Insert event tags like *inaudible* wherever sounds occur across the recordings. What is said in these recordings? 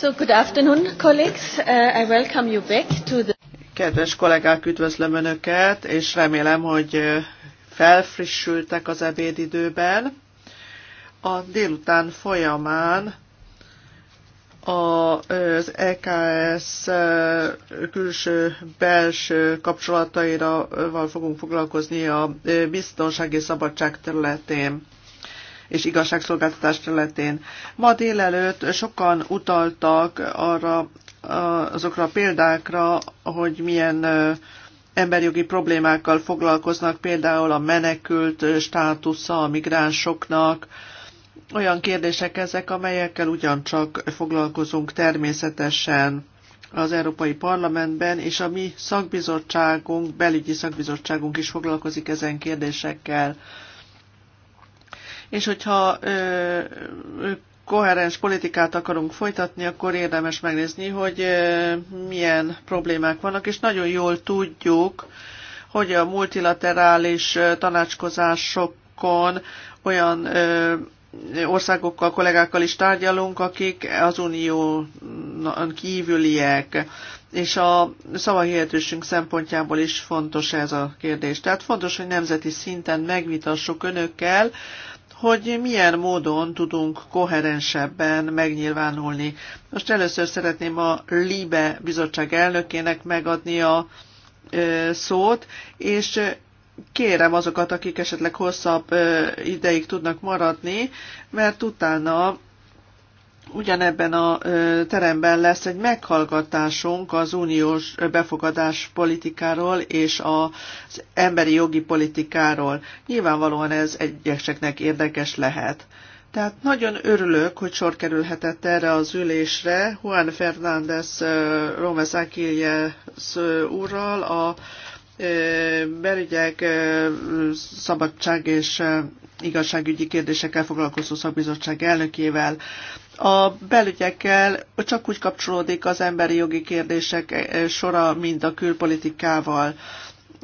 So good afternoon, colleagues. Uh, I welcome you back to the... Kedves kollégák, üdvözlöm Önöket, és remélem, hogy uh, felfrissültek az ebédidőben. A délután folyamán az EKS uh, külső-belső kapcsolataira fogunk foglalkozni a uh, biztonsági szabadság területén és igazságszolgáltatás területén. Ma délelőtt sokan utaltak arra, azokra a példákra, hogy milyen emberjogi problémákkal foglalkoznak, például a menekült státusza a migránsoknak, olyan kérdések ezek, amelyekkel ugyancsak foglalkozunk természetesen az Európai Parlamentben, és a mi szakbizottságunk, belügyi szakbizottságunk is foglalkozik ezen kérdésekkel és hogyha ö, koherens politikát akarunk folytatni, akkor érdemes megnézni, hogy milyen problémák vannak, és nagyon jól tudjuk, hogy a multilaterális tanácskozásokon olyan országokkal, kollégákkal is tárgyalunk, akik az unión kívüliek, és a szavahihetősünk szempontjából is fontos ez a kérdés. Tehát fontos, hogy nemzeti szinten megvitassuk önökkel, hogy milyen módon tudunk koherensebben megnyilvánulni. Most először szeretném a LIBE bizottság elnökének megadni a szót, és kérem azokat, akik esetleg hosszabb ideig tudnak maradni, mert utána ugyanebben a teremben lesz egy meghallgatásunk az uniós befogadás politikáról és az emberi jogi politikáról. Nyilvánvalóan ez egyeseknek érdekes lehet. Tehát nagyon örülök, hogy sor kerülhetett erre az ülésre Juan Fernández Rómez Aquiles úrral, a belügyek, szabadság és igazságügyi kérdésekkel foglalkozó szakbizottság elnökével a belügyekkel csak úgy kapcsolódik az emberi jogi kérdések e, e, sora, mint a külpolitikával.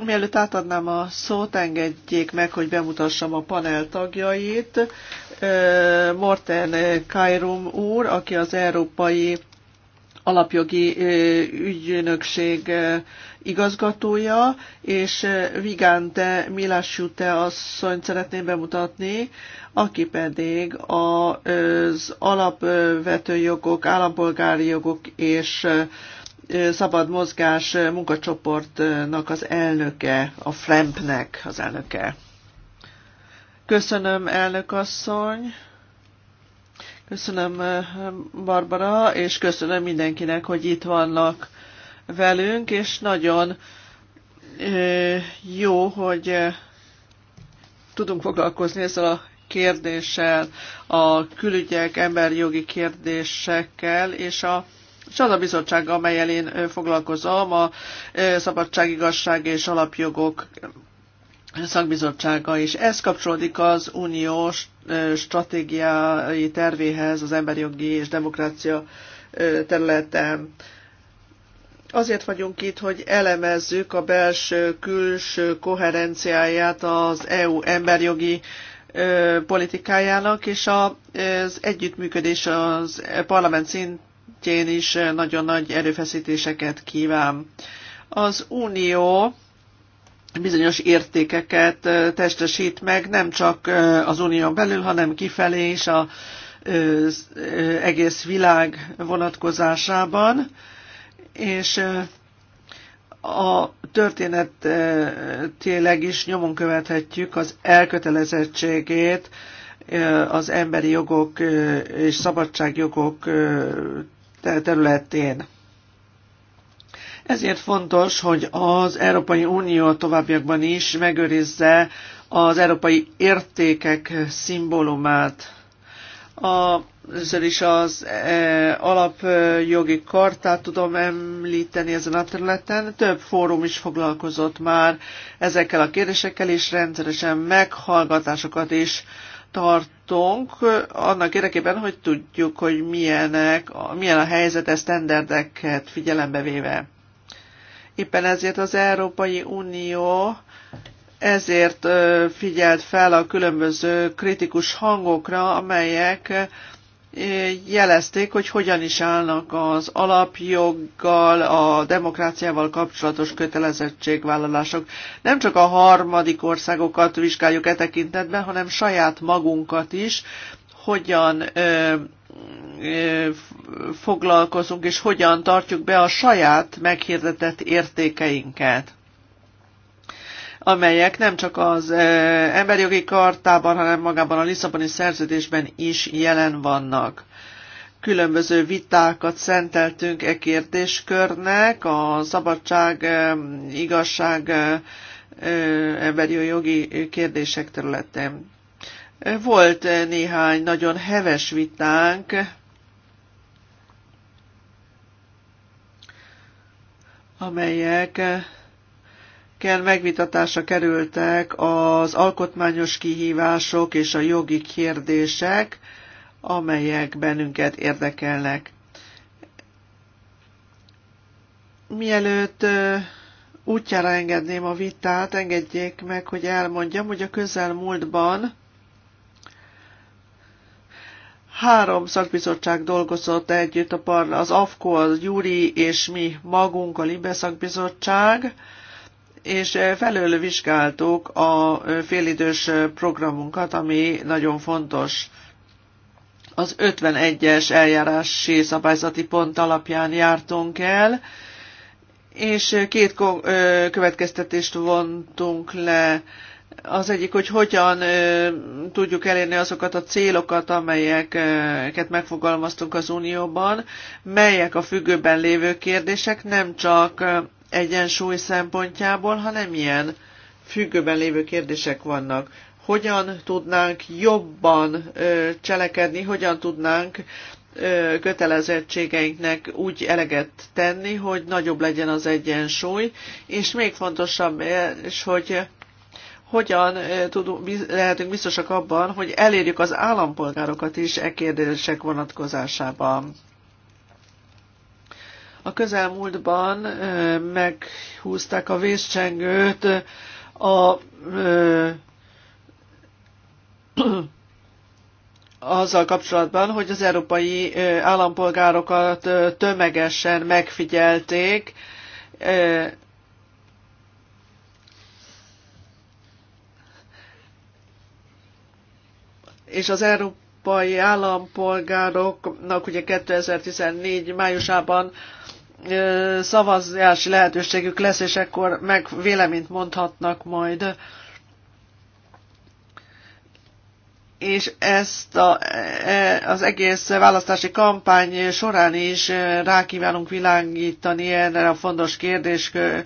Mielőtt átadnám a szót, engedjék meg, hogy bemutassam a panel tagjait. Morten Kairum úr, aki az Európai alapjogi ügynökség igazgatója, és Vigante Milasjute asszonyt szeretném bemutatni, aki pedig az alapvető jogok, állampolgári jogok és szabad mozgás munkacsoportnak az elnöke, a Frempnek az elnöke. Köszönöm, elnök asszony! Köszönöm, eh, Barbara, és köszönöm mindenkinek, hogy itt vannak velünk, és nagyon eh, jó, hogy eh, tudunk foglalkozni ezzel a kérdéssel, a külügyek, emberjogi kérdésekkel, és a és az a bizottság, amelyel én foglalkozom, a szabadságigazság és alapjogok szakbizottsága, és ez kapcsolódik az uniós stratégiai tervéhez az emberi jogi és demokrácia területen. Azért vagyunk itt, hogy elemezzük a belső-külső koherenciáját az EU emberjogi politikájának, és az együttműködés az parlament szintjén is nagyon nagy erőfeszítéseket kíván. Az Unió bizonyos értékeket testesít meg, nem csak az unión belül, hanem kifelé is az egész világ vonatkozásában. És a történet tényleg is nyomon követhetjük az elkötelezettségét az emberi jogok és szabadságjogok területén. Ezért fontos, hogy az Európai Unió továbbiakban is megőrizze az európai értékek szimbólumát. A Először is az e, alapjogi kartát tudom említeni ezen a területen. Több fórum is foglalkozott már ezekkel a kérdésekkel, és rendszeresen meghallgatásokat is tartunk annak érdekében, hogy tudjuk, hogy milyenek, milyen a helyzet ezt figyelembe véve. Éppen ezért az Európai Unió ezért figyelt fel a különböző kritikus hangokra, amelyek jelezték, hogy hogyan is állnak az alapjoggal, a demokráciával kapcsolatos kötelezettségvállalások. Nem csak a harmadik országokat vizsgáljuk e tekintetben, hanem saját magunkat is, hogyan foglalkozunk, és hogyan tartjuk be a saját meghirdetett értékeinket amelyek nem csak az emberjogi kartában, hanem magában a Lisszaboni szerződésben is jelen vannak különböző vitákat szenteltünk e kérdéskörnek, a szabadság, igazság, emberi jogi kérdések területén. Volt eh, néhány nagyon heves vitánk, amelyek eh, kell megvitatásra kerültek az alkotmányos kihívások és a jogi kérdések, amelyek bennünket érdekelnek. Mielőtt eh, útjára engedném a vitát, engedjék meg, hogy elmondjam, hogy a közelmúltban Három szakbizottság dolgozott együtt, a parla, az AFKO, az Júri és mi magunk, a Libe szakbizottság, és felől vizsgáltuk a félidős programunkat, ami nagyon fontos. Az 51-es eljárási szabályzati pont alapján jártunk el, és két következtetést vontunk le az egyik, hogy hogyan tudjuk elérni azokat a célokat, amelyeket megfogalmaztunk az Unióban, melyek a függőben lévő kérdések nem csak egyensúly szempontjából, hanem ilyen függőben lévő kérdések vannak. Hogyan tudnánk jobban cselekedni, hogyan tudnánk kötelezettségeinknek úgy eleget tenni, hogy nagyobb legyen az egyensúly, és még fontosabb és hogy hogyan tudunk, lehetünk biztosak abban, hogy elérjük az állampolgárokat is e kérdések vonatkozásában. A közelmúltban meghúzták a vészcsengőt a *clears throat* azzal kapcsolatban, hogy az európai állampolgárokat tömegesen megfigyelték, és az európai állampolgároknak ugye 2014 májusában szavazási lehetőségük lesz, és ekkor meg véleményt mondhatnak majd. és ezt a, e, az egész választási kampány során is rákívánunk világítani erre a fontos kérdéskörre,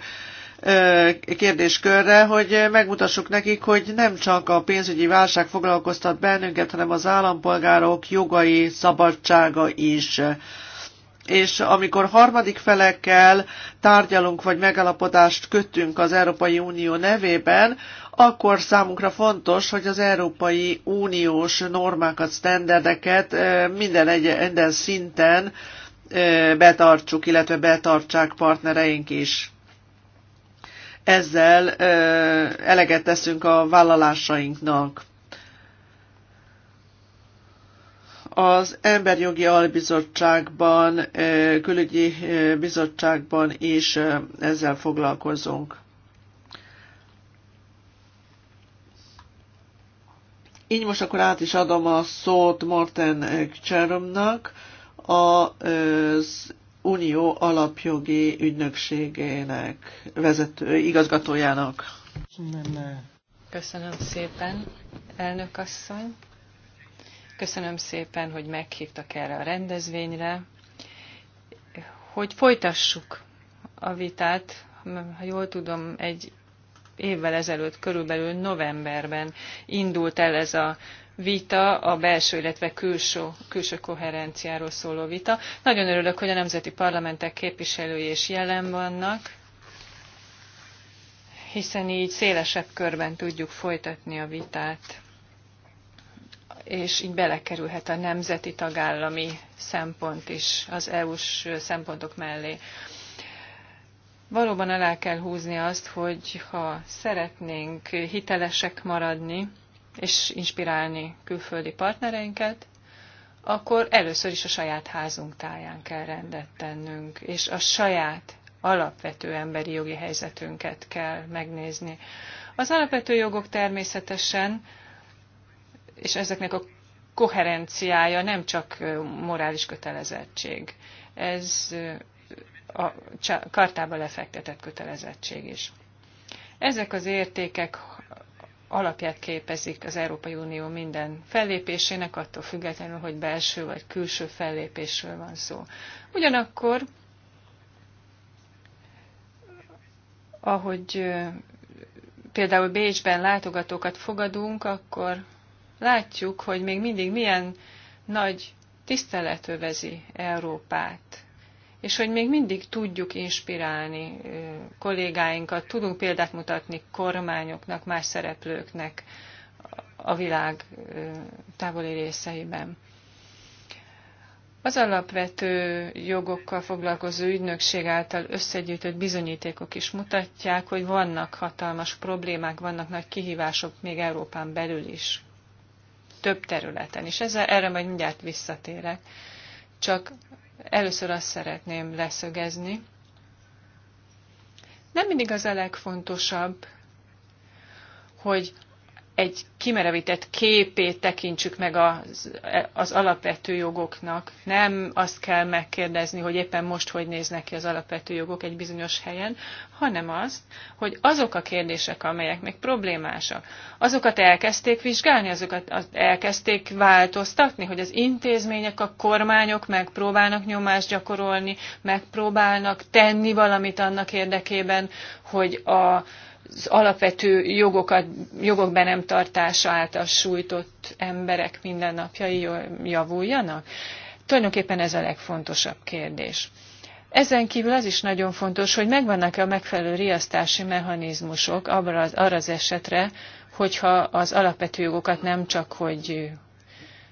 kérdéskörre, hogy megmutassuk nekik, hogy nem csak a pénzügyi válság foglalkoztat bennünket, hanem az állampolgárok jogai, szabadsága is és amikor harmadik felekkel tárgyalunk vagy megalapodást kötünk az Európai Unió nevében, akkor számunkra fontos, hogy az Európai Uniós normákat, sztenderdeket minden, egy, minden szinten betartsuk, illetve betartsák partnereink is ezzel eleget teszünk a vállalásainknak. az Emberjogi Albizottságban, külügyi bizottságban is ezzel foglalkozunk. Így most akkor át is adom a szót Morten Kcserumnak, az Unió alapjogi ügynökségének vezető igazgatójának. Köszönöm szépen, elnök asszony. Köszönöm szépen, hogy meghívtak erre a rendezvényre. Hogy folytassuk a vitát, ha jól tudom, egy évvel ezelőtt, körülbelül novemberben indult el ez a vita a belső, illetve külső, külső koherenciáról szóló vita. Nagyon örülök, hogy a nemzeti parlamentek képviselői is jelen vannak, hiszen így szélesebb körben tudjuk folytatni a vitát és így belekerülhet a nemzeti tagállami szempont is az EU-s szempontok mellé. Valóban alá kell húzni azt, hogy ha szeretnénk hitelesek maradni, és inspirálni külföldi partnereinket, akkor először is a saját házunk táján kell rendet tennünk, és a saját alapvető emberi jogi helyzetünket kell megnézni. Az alapvető jogok természetesen, és ezeknek a koherenciája nem csak morális kötelezettség, ez a kartába lefektetett kötelezettség is. Ezek az értékek alapját képezik az Európai Unió minden fellépésének, attól függetlenül, hogy belső vagy külső fellépésről van szó. Ugyanakkor, ahogy például Bécsben látogatókat fogadunk, akkor látjuk, hogy még mindig milyen nagy tisztelet övezi Európát és hogy még mindig tudjuk inspirálni kollégáinkat, tudunk példát mutatni kormányoknak, más szereplőknek a világ távoli részeiben. Az alapvető jogokkal foglalkozó ügynökség által összegyűjtött bizonyítékok is mutatják, hogy vannak hatalmas problémák, vannak nagy kihívások még Európán belül is, több területen is. Ezzel, erre majd mindjárt visszatérek. Csak Először azt szeretném leszögezni, nem mindig az a legfontosabb, hogy egy kimerevített képét tekintsük meg az, az alapvető jogoknak. Nem azt kell megkérdezni, hogy éppen most hogy néznek ki az alapvető jogok egy bizonyos helyen, hanem azt, hogy azok a kérdések, amelyek még problémásak, azokat elkezdték vizsgálni, azokat elkezdték változtatni, hogy az intézmények, a kormányok megpróbálnak nyomást gyakorolni, megpróbálnak tenni valamit annak érdekében, hogy a az alapvető jogokat, jogok be nem tartása által sújtott emberek mindennapjai javuljanak? Tulajdonképpen ez a legfontosabb kérdés. Ezen kívül az is nagyon fontos, hogy megvannak-e a megfelelő riasztási mechanizmusok arra az, esetre, hogyha az alapvető jogokat nem csak, hogy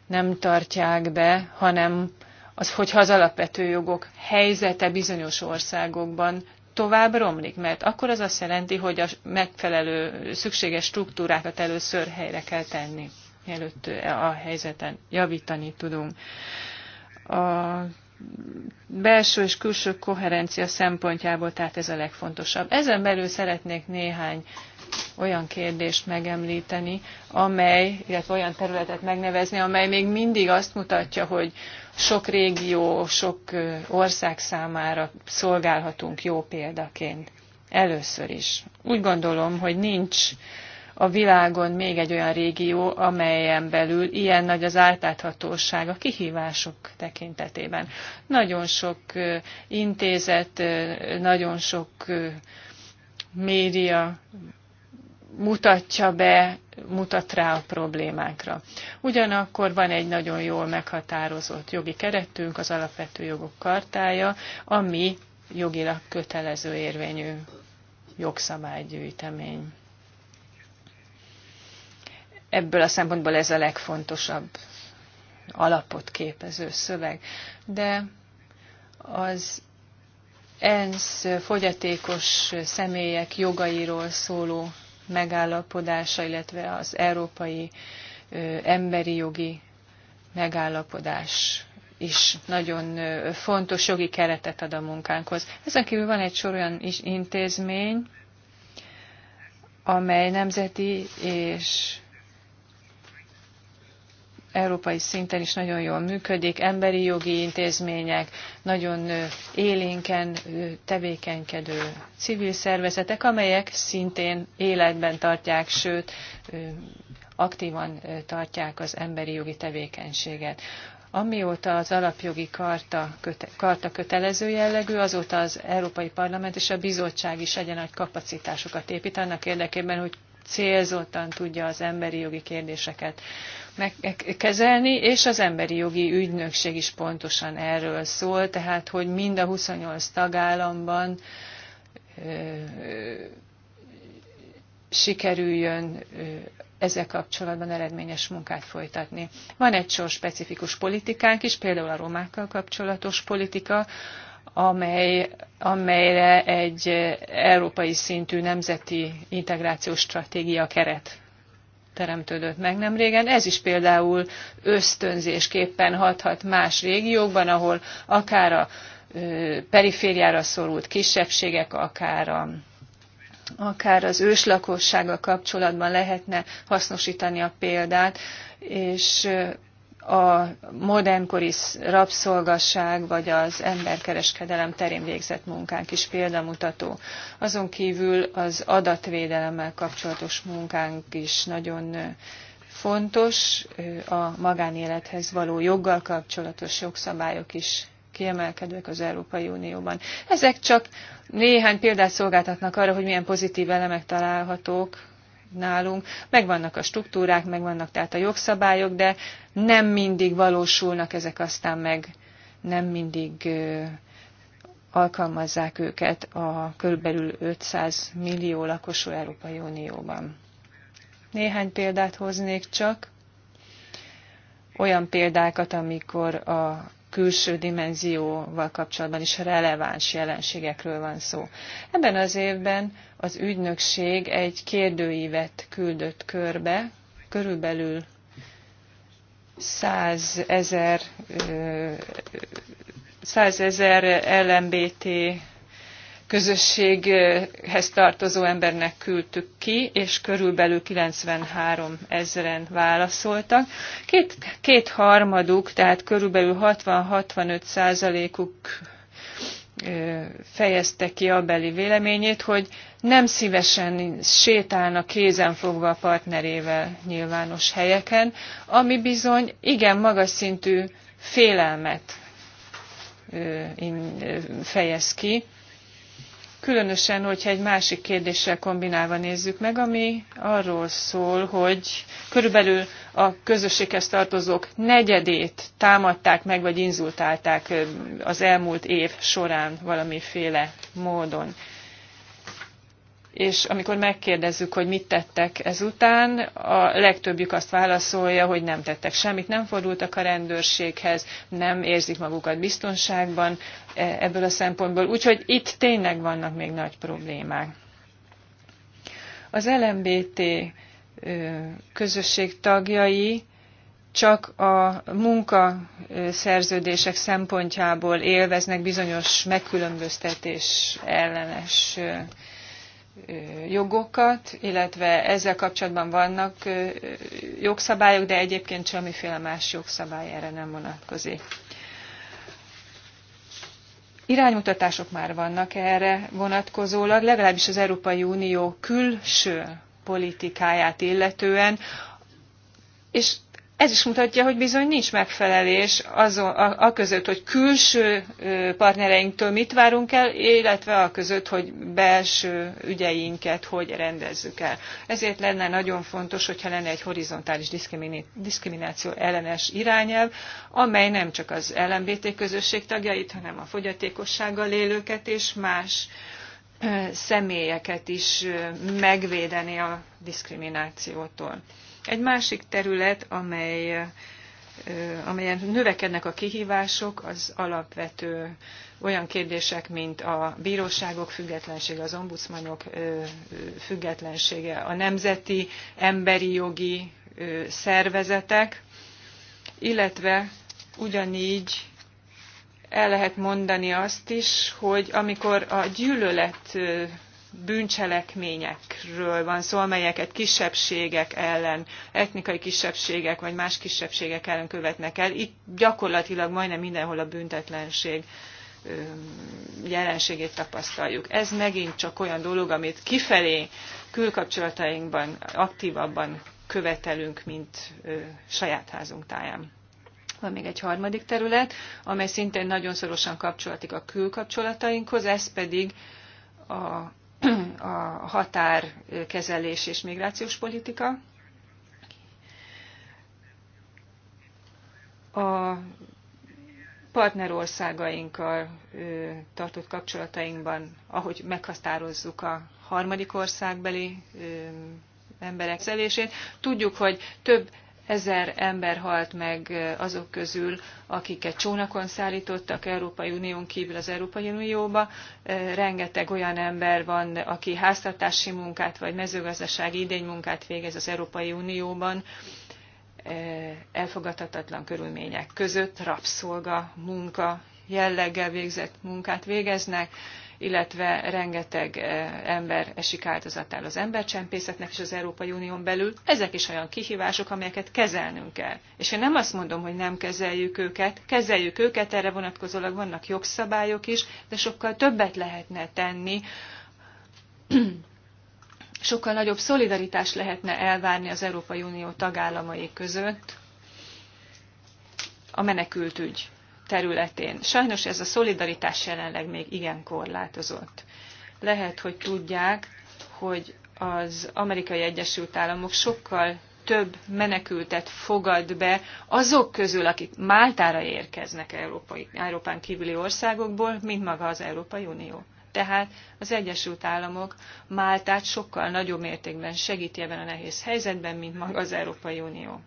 nem tartják be, hanem az, hogyha az alapvető jogok helyzete bizonyos országokban tovább romlik, mert akkor az azt jelenti, hogy a megfelelő szükséges struktúrákat először helyre kell tenni, mielőtt a helyzeten javítani tudunk. A belső és külső koherencia szempontjából, tehát ez a legfontosabb. Ezen belül szeretnék néhány olyan kérdést megemlíteni, amely, illetve olyan területet megnevezni, amely még mindig azt mutatja, hogy, sok régió, sok ország számára szolgálhatunk jó példaként. Először is. Úgy gondolom, hogy nincs a világon még egy olyan régió, amelyen belül ilyen nagy az átláthatóság a kihívások tekintetében. Nagyon sok intézet, nagyon sok média mutatja be mutat rá a problémákra. Ugyanakkor van egy nagyon jól meghatározott jogi keretünk, az alapvető jogok kartája, ami jogilag kötelező érvényű jogszabálygyűjtemény. Ebből a szempontból ez a legfontosabb alapot képező szöveg. De az ENSZ fogyatékos személyek jogairól szóló megállapodása, illetve az európai emberi jogi megállapodás is nagyon fontos jogi keretet ad a munkánkhoz. Ezen kívül van egy sor olyan intézmény, amely nemzeti és európai szinten is nagyon jól működik, emberi jogi intézmények, nagyon élénken tevékenykedő civil szervezetek, amelyek szintén életben tartják, sőt, aktívan tartják az emberi jogi tevékenységet. Amióta az alapjogi karta, köte, karta kötelező jellegű, azóta az Európai Parlament és a Bizottság is egyenlő kapacitásokat épít annak érdekében, hogy célzottan tudja az emberi jogi kérdéseket kezelni, és az emberi jogi ügynökség is pontosan erről szól, tehát hogy mind a 28 tagállamban sikerüljön ezzel kapcsolatban eredményes munkát folytatni. Van egy sor specifikus politikánk is, például a romákkal kapcsolatos politika, amely, amelyre egy európai szintű nemzeti integrációs stratégia keret teremtődött meg nem régen. Ez is például ösztönzésképpen hathat más régiókban, ahol akár a perifériára szorult kisebbségek, akár a akár az őslakossággal kapcsolatban lehetne hasznosítani a példát, és a modernkori rabszolgasság vagy az emberkereskedelem terén végzett munkánk is példamutató. Azon kívül az adatvédelemmel kapcsolatos munkánk is nagyon fontos, a magánélethez való joggal kapcsolatos jogszabályok is kiemelkedőek az Európai Unióban. Ezek csak néhány példát szolgáltatnak arra, hogy milyen pozitív elemek találhatók nálunk. Megvannak a struktúrák, megvannak tehát a jogszabályok, de nem mindig valósulnak ezek aztán meg, nem mindig alkalmazzák őket a kb. 500 millió lakosú Európai Unióban. Néhány példát hoznék csak, olyan példákat, amikor a külső dimenzióval kapcsolatban is releváns jelenségekről van szó. Ebben az évben az ügynökség egy kérdőívet küldött körbe, körülbelül 100 ezer 100 ezer LMBT közösséghez tartozó embernek küldtük ki, és körülbelül 93 ezeren válaszoltak. Két, két harmaduk, tehát körülbelül 60-65 százalékuk fejezte ki a beli véleményét, hogy nem szívesen sétálna kézenfogva a partnerével nyilvános helyeken, ami bizony igen magas szintű félelmet fejez ki, Különösen, hogyha egy másik kérdéssel kombinálva nézzük meg, ami arról szól, hogy körülbelül a közösséghez tartozók negyedét támadták meg, vagy inzultálták az elmúlt év során valamiféle módon és amikor megkérdezzük, hogy mit tettek ezután, a legtöbbjük azt válaszolja, hogy nem tettek semmit, nem fordultak a rendőrséghez, nem érzik magukat biztonságban e, ebből a szempontból. Úgyhogy itt tényleg vannak még nagy problémák. Az LMBT közösség tagjai csak a munkaszerződések szempontjából élveznek bizonyos megkülönböztetés ellenes jogokat, illetve ezzel kapcsolatban vannak jogszabályok, de egyébként semmiféle más jogszabály erre nem vonatkozik. Iránymutatások már vannak erre vonatkozólag, legalábbis az Európai Unió külső politikáját illetően, és ez is mutatja, hogy bizony nincs megfelelés azon, a, a között, hogy külső partnereinktől mit várunk el, illetve a között, hogy belső ügyeinket hogy rendezzük el. Ezért lenne nagyon fontos, hogyha lenne egy horizontális diszkrimináció ellenes irányelv, amely nem csak az LMBT közösség tagjait, hanem a fogyatékossággal élőket és más személyeket is megvédeni a diszkriminációtól. Egy másik terület, amely amelyen növekednek a kihívások, az alapvető olyan kérdések, mint a bíróságok függetlensége, az ombudsmanok függetlensége, a nemzeti emberi jogi szervezetek, illetve ugyanígy el lehet mondani azt is, hogy amikor a gyűlölet bűncselekményekről van szó, amelyeket kisebbségek ellen, etnikai kisebbségek vagy más kisebbségek ellen követnek el. Itt gyakorlatilag majdnem mindenhol a büntetlenség jelenségét tapasztaljuk. Ez megint csak olyan dolog, amit kifelé külkapcsolatainkban aktívabban követelünk, mint saját házunk táján. Van még egy harmadik terület, amely szintén nagyon szorosan kapcsolatik a külkapcsolatainkhoz, ez pedig a *clears throat* a határkezelés és migrációs politika. A partnerországainkkal tartott kapcsolatainkban, ahogy meghatározzuk a harmadik országbeli emberek szelését, tudjuk, hogy több ezer ember halt meg azok közül, akiket csónakon szállítottak Európai Unión kívül az Európai Unióba. Rengeteg olyan ember van, aki háztartási munkát vagy mezőgazdasági idénymunkát végez az Európai Unióban elfogadhatatlan körülmények között rabszolga munka jelleggel végzett munkát végeznek illetve rengeteg eh, ember esik áldozatául az embercsempészetnek és az Európai Unión belül. Ezek is olyan kihívások, amelyeket kezelnünk kell. És én nem azt mondom, hogy nem kezeljük őket, kezeljük őket, erre vonatkozólag vannak jogszabályok is, de sokkal többet lehetne tenni, *clears throat* sokkal nagyobb szolidaritást lehetne elvárni az Európai Unió tagállamai között a menekült ügy területén. Sajnos ez a szolidaritás jelenleg még igen korlátozott. Lehet, hogy tudják, hogy az Amerikai Egyesült Államok sokkal több menekültet fogad be azok közül, akik Máltára érkeznek Európai, Európán kívüli országokból, mint maga az Európai Unió. Tehát az Egyesült Államok Máltát sokkal nagyobb mértékben segíti ebben a nehéz helyzetben, mint maga az Európai Unió.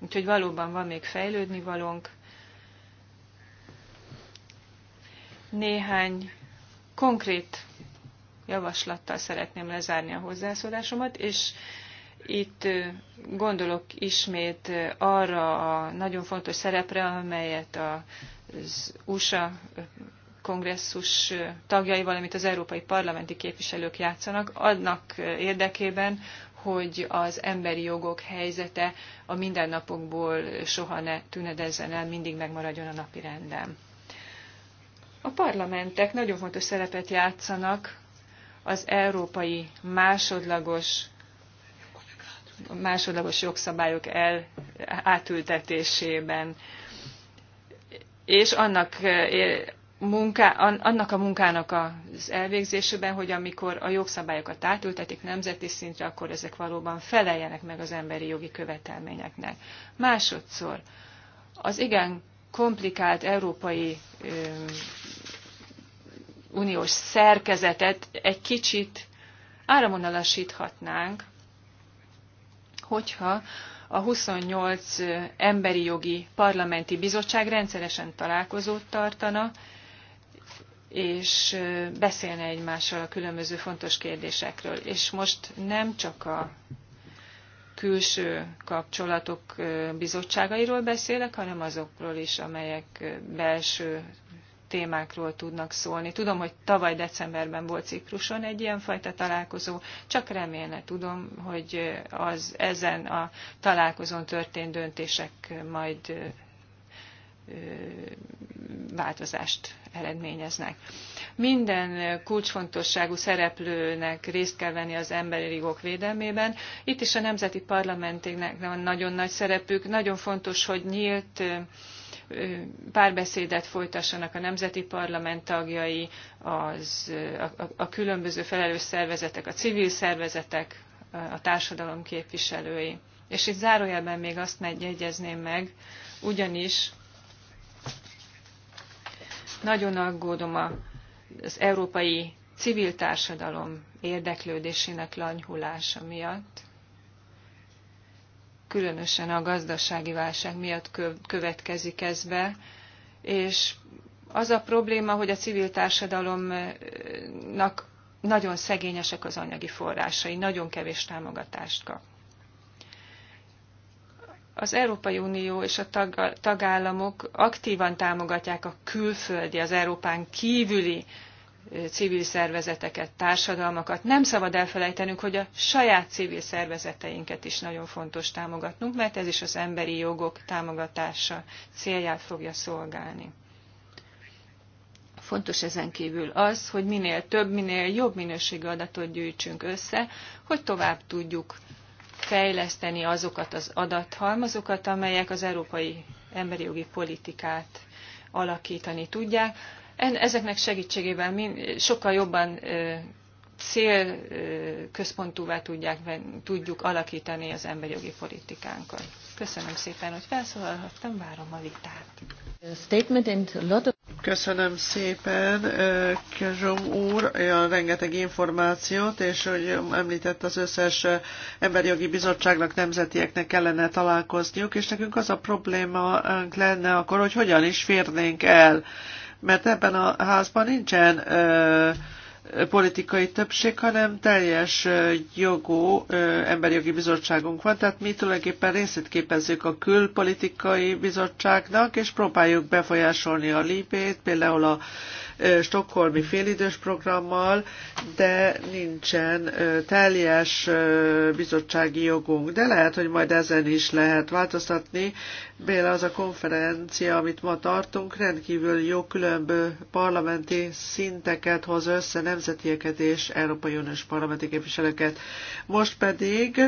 Úgyhogy valóban van még fejlődni valónk, Néhány konkrét javaslattal szeretném lezárni a hozzászólásomat, és itt gondolok ismét arra a nagyon fontos szerepre, amelyet az USA kongresszus tagjai, valamint az európai parlamenti képviselők játszanak, annak érdekében, hogy az emberi jogok helyzete a mindennapokból soha ne tünedezzen el, mindig megmaradjon a napi renden. A parlamentek nagyon fontos szerepet játszanak az európai másodlagos másodlagos jogszabályok el, átültetésében. És annak, eh, munká, annak a munkának az elvégzésében, hogy amikor a jogszabályokat átültetik nemzeti szintre, akkor ezek valóban feleljenek meg az emberi jogi követelményeknek. Másodszor, az igen komplikált európai uniós szerkezetet egy kicsit áramonalasíthatnánk, hogyha a 28 emberi jogi parlamenti bizottság rendszeresen találkozót tartana, és beszélne egymással a különböző fontos kérdésekről. És most nem csak a külső kapcsolatok bizottságairól beszélek, hanem azokról is, amelyek belső témákról tudnak szólni. Tudom, hogy tavaly decemberben volt Cipruson egy ilyenfajta találkozó, csak remélne tudom, hogy az ezen a találkozón történt döntések majd változást eredményeznek. Minden kulcsfontosságú szereplőnek részt kell venni az emberi jogok védelmében. Itt is a nemzeti parlamenteknek van nagyon nagy szerepük. Nagyon fontos, hogy nyílt párbeszédet folytassanak a nemzeti parlament tagjai, az, a, a, a különböző felelős szervezetek, a civil szervezetek, a társadalom képviselői. És itt zárójelben még azt megjegyezném meg, ugyanis nagyon aggódom az európai civil társadalom érdeklődésének lanyhulása miatt, különösen a gazdasági válság miatt következik ez be, és az a probléma, hogy a civil társadalomnak nagyon szegényesek az anyagi forrásai, nagyon kevés támogatást kap az Európai Unió és a tagállamok aktívan támogatják a külföldi, az Európán kívüli civil szervezeteket, társadalmakat. Nem szabad elfelejtenünk, hogy a saját civil szervezeteinket is nagyon fontos támogatnunk, mert ez is az emberi jogok támogatása célját fogja szolgálni. Fontos ezen kívül az, hogy minél több, minél jobb minőségű adatot gyűjtsünk össze, hogy tovább tudjuk fejleszteni azokat az adathalmazokat, amelyek az európai emberi jogi politikát alakítani tudják. Ezeknek segítségével sokkal jobban célközpontúvá tudják, tudjuk alakítani az emberi jogi politikánkat. Köszönöm szépen, hogy felszólalhattam, várom a vitát. Köszönöm szépen, Kezsom úr, a rengeteg információt, és hogy említett az összes emberi jogi bizottságnak, nemzetieknek kellene találkozniuk, és nekünk az a probléma lenne akkor, hogy hogyan is férnénk el, mert ebben a házban nincsen ö, politikai többség, hanem teljes jogú emberjogi bizottságunk van, tehát mi tulajdonképpen részét képezzük a külpolitikai bizottságnak, és próbáljuk befolyásolni a lépét, például a stokholmi félidős programmal, de nincsen teljes bizottsági jogunk. De lehet, hogy majd ezen is lehet változtatni. Béla az a konferencia, amit ma tartunk, rendkívül jó különböző parlamenti szinteket hoz össze, nemzetieket és Európai Uniós parlamenti képviselőket. Most pedig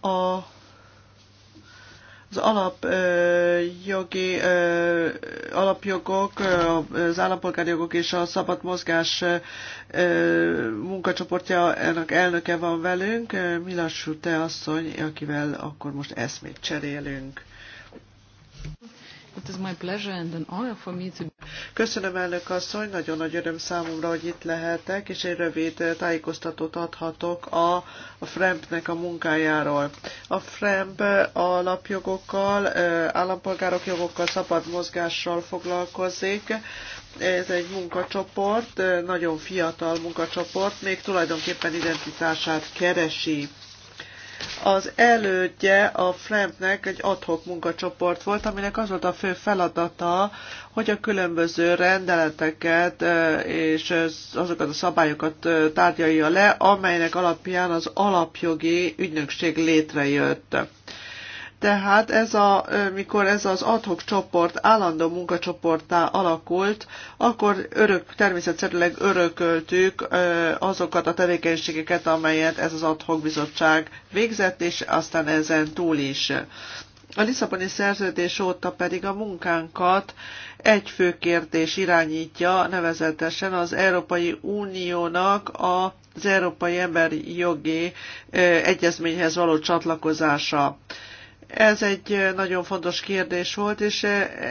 a az alapjogi alapjogok, az állampolgári jogok és a szabad mozgás munkacsoportja ennek elnöke van velünk, Milassú Te asszony, akivel akkor most eszmét cserélünk. Köszönöm, elnök asszony, nagyon nagy öröm számomra, hogy itt lehetek, és egy rövid eh, tájékoztatót adhatok a, a FREMP-nek a munkájáról. A FREMP eh, alapjogokkal, eh, állampolgárok jogokkal, szabad mozgással foglalkozik. Ez egy munkacsoport, nagyon fiatal munkacsoport, még tulajdonképpen identitását keresi az elődje a Flemnek egy adhok munkacsoport volt, aminek az volt a fő feladata, hogy a különböző rendeleteket és azokat a szabályokat tárgyalja le, amelynek alapján az alapjogi ügynökség létrejött. Tehát ez a, mikor ez az adhok csoport állandó munkacsoporttá alakult, akkor örök, természetszerűleg örököltük azokat a tevékenységeket, amelyet ez az adhok bizottság végzett, és aztán ezen túl is. A Lisszaboni szerződés óta pedig a munkánkat egy fő kérdés irányítja, nevezetesen az Európai Uniónak az Európai Emberi Jogi Egyezményhez való csatlakozása. Ez egy nagyon fontos kérdés volt, és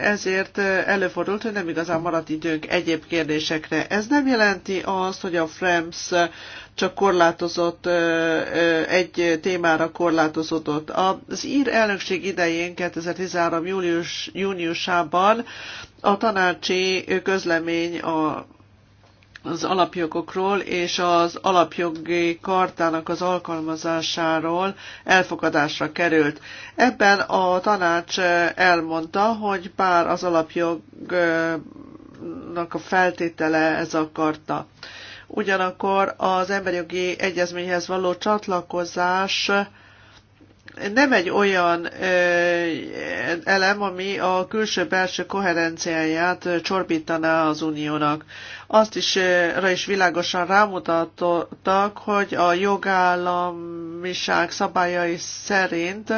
ezért előfordult, hogy nem igazán maradt időnk egyéb kérdésekre. Ez nem jelenti azt, hogy a FREMS csak korlátozott, egy témára korlátozódott. Az ír elnökség idején 2013. Július, júniusában a tanácsi közlemény a az alapjogokról és az alapjogi kartának az alkalmazásáról elfogadásra került. Ebben a tanács elmondta, hogy bár az alapjognak a feltétele ez a karta. Ugyanakkor az emberjogi egyezményhez való csatlakozás nem egy olyan elem, ami a külső-belső koherenciáját csorbítaná az uniónak. Azt is, rá is világosan rámutattak, hogy a jogállamiság szabályai szerint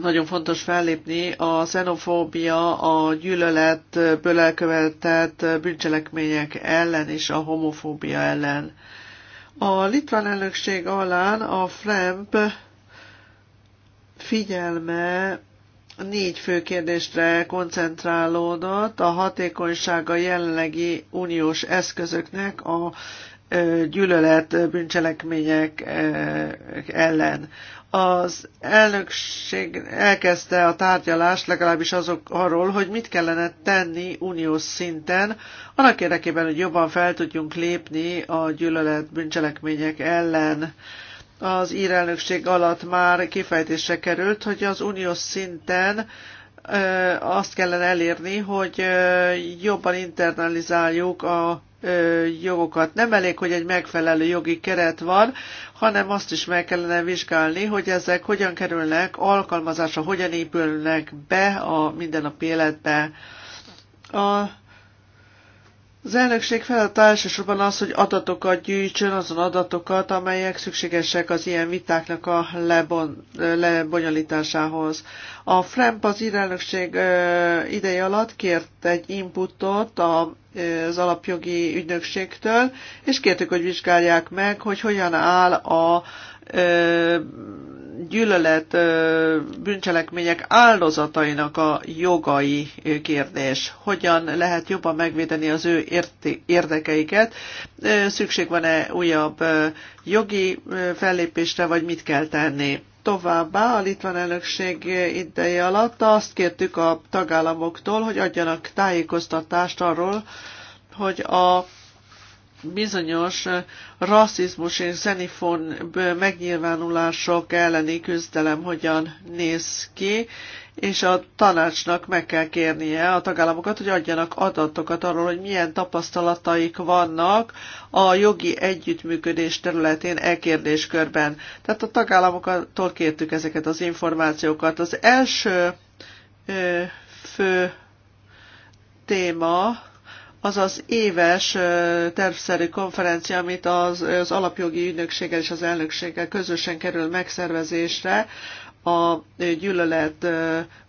nagyon fontos fellépni a xenofóbia, a gyűlöletből elkövetett bűncselekmények ellen és a homofóbia ellen a litván elnökség alán a FREMP figyelme négy fő kérdésre koncentrálódott, a hatékonysága jelenlegi uniós eszközöknek a gyűlölet bűncselekmények ellen. Az elnökség elkezdte a tárgyalást legalábbis azok arról, hogy mit kellene tenni uniós szinten, annak érdekében, hogy jobban fel tudjunk lépni a gyűlölet bűncselekmények ellen az ír elnökség alatt már kifejtésre került, hogy az uniós szinten azt kellene elérni, hogy jobban internalizáljuk a jogokat. Nem elég, hogy egy megfelelő jogi keret van, hanem azt is meg kellene vizsgálni, hogy ezek hogyan kerülnek alkalmazásra, hogyan épülnek be a mindennapi életbe. A az elnökség feladata elsősorban az, hogy adatokat gyűjtsön, azon adatokat, amelyek szükségesek az ilyen vitáknak a lebon, lebonyolításához. A FREMP az irelnökség ideje alatt kért egy inputot az alapjogi ügynökségtől, és kértük, hogy vizsgálják meg, hogy hogyan áll a gyűlölet bűncselekmények áldozatainak a jogai kérdés. Hogyan lehet jobban megvédeni az ő érdekeiket? Szükség van-e újabb jogi fellépésre, vagy mit kell tenni? Továbbá a litván elnökség ideje alatt azt kértük a tagállamoktól, hogy adjanak tájékoztatást arról, hogy a bizonyos rasszizmus és zenifon megnyilvánulások elleni küzdelem hogyan néz ki, és a tanácsnak meg kell kérnie a tagállamokat, hogy adjanak adatokat arról, hogy milyen tapasztalataik vannak a jogi együttműködés területén e kérdéskörben. Tehát a tagállamoktól kértük ezeket az információkat. Az első ö, fő téma, az az éves tervszerű konferencia, amit az, az alapjogi ügynökséggel és az elnökséggel közösen kerül megszervezésre a gyűlölet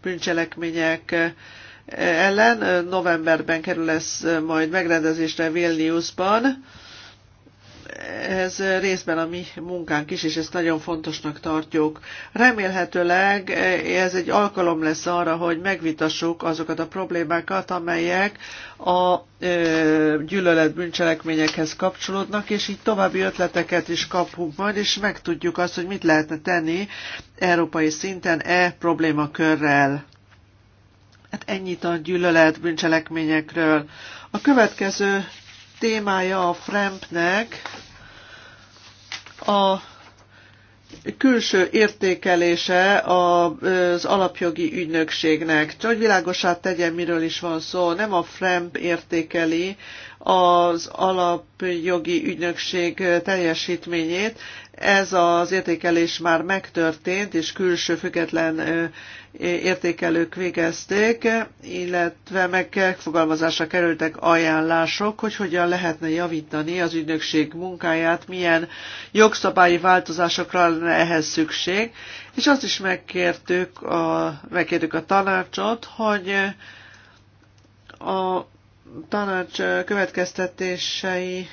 bűncselekmények ellen. Novemberben kerül ez majd megrendezésre Vilniusban ez részben a mi munkánk is, és ezt nagyon fontosnak tartjuk. Remélhetőleg ez egy alkalom lesz arra, hogy megvitassuk azokat a problémákat, amelyek a gyűlölet bűncselekményekhez kapcsolódnak, és így további ötleteket is kapunk majd, és megtudjuk azt, hogy mit lehetne tenni európai szinten e problémakörrel. Hát ennyit a gyűlölet bűncselekményekről. A következő témája a Frempnek a külső értékelése az alapjogi ügynökségnek. Csak hogy világosá tegyen, miről is van szó, nem a FREMP értékeli az alapjogi ügynökség teljesítményét. Ez az értékelés már megtörtént, és külső független értékelők végezték, illetve megfogalmazásra kerültek ajánlások, hogy hogyan lehetne javítani az ügynökség munkáját, milyen jogszabályi változásokra lenne ehhez szükség, és azt is megkértük a, megkértük a tanácsot, hogy a tanács következtetései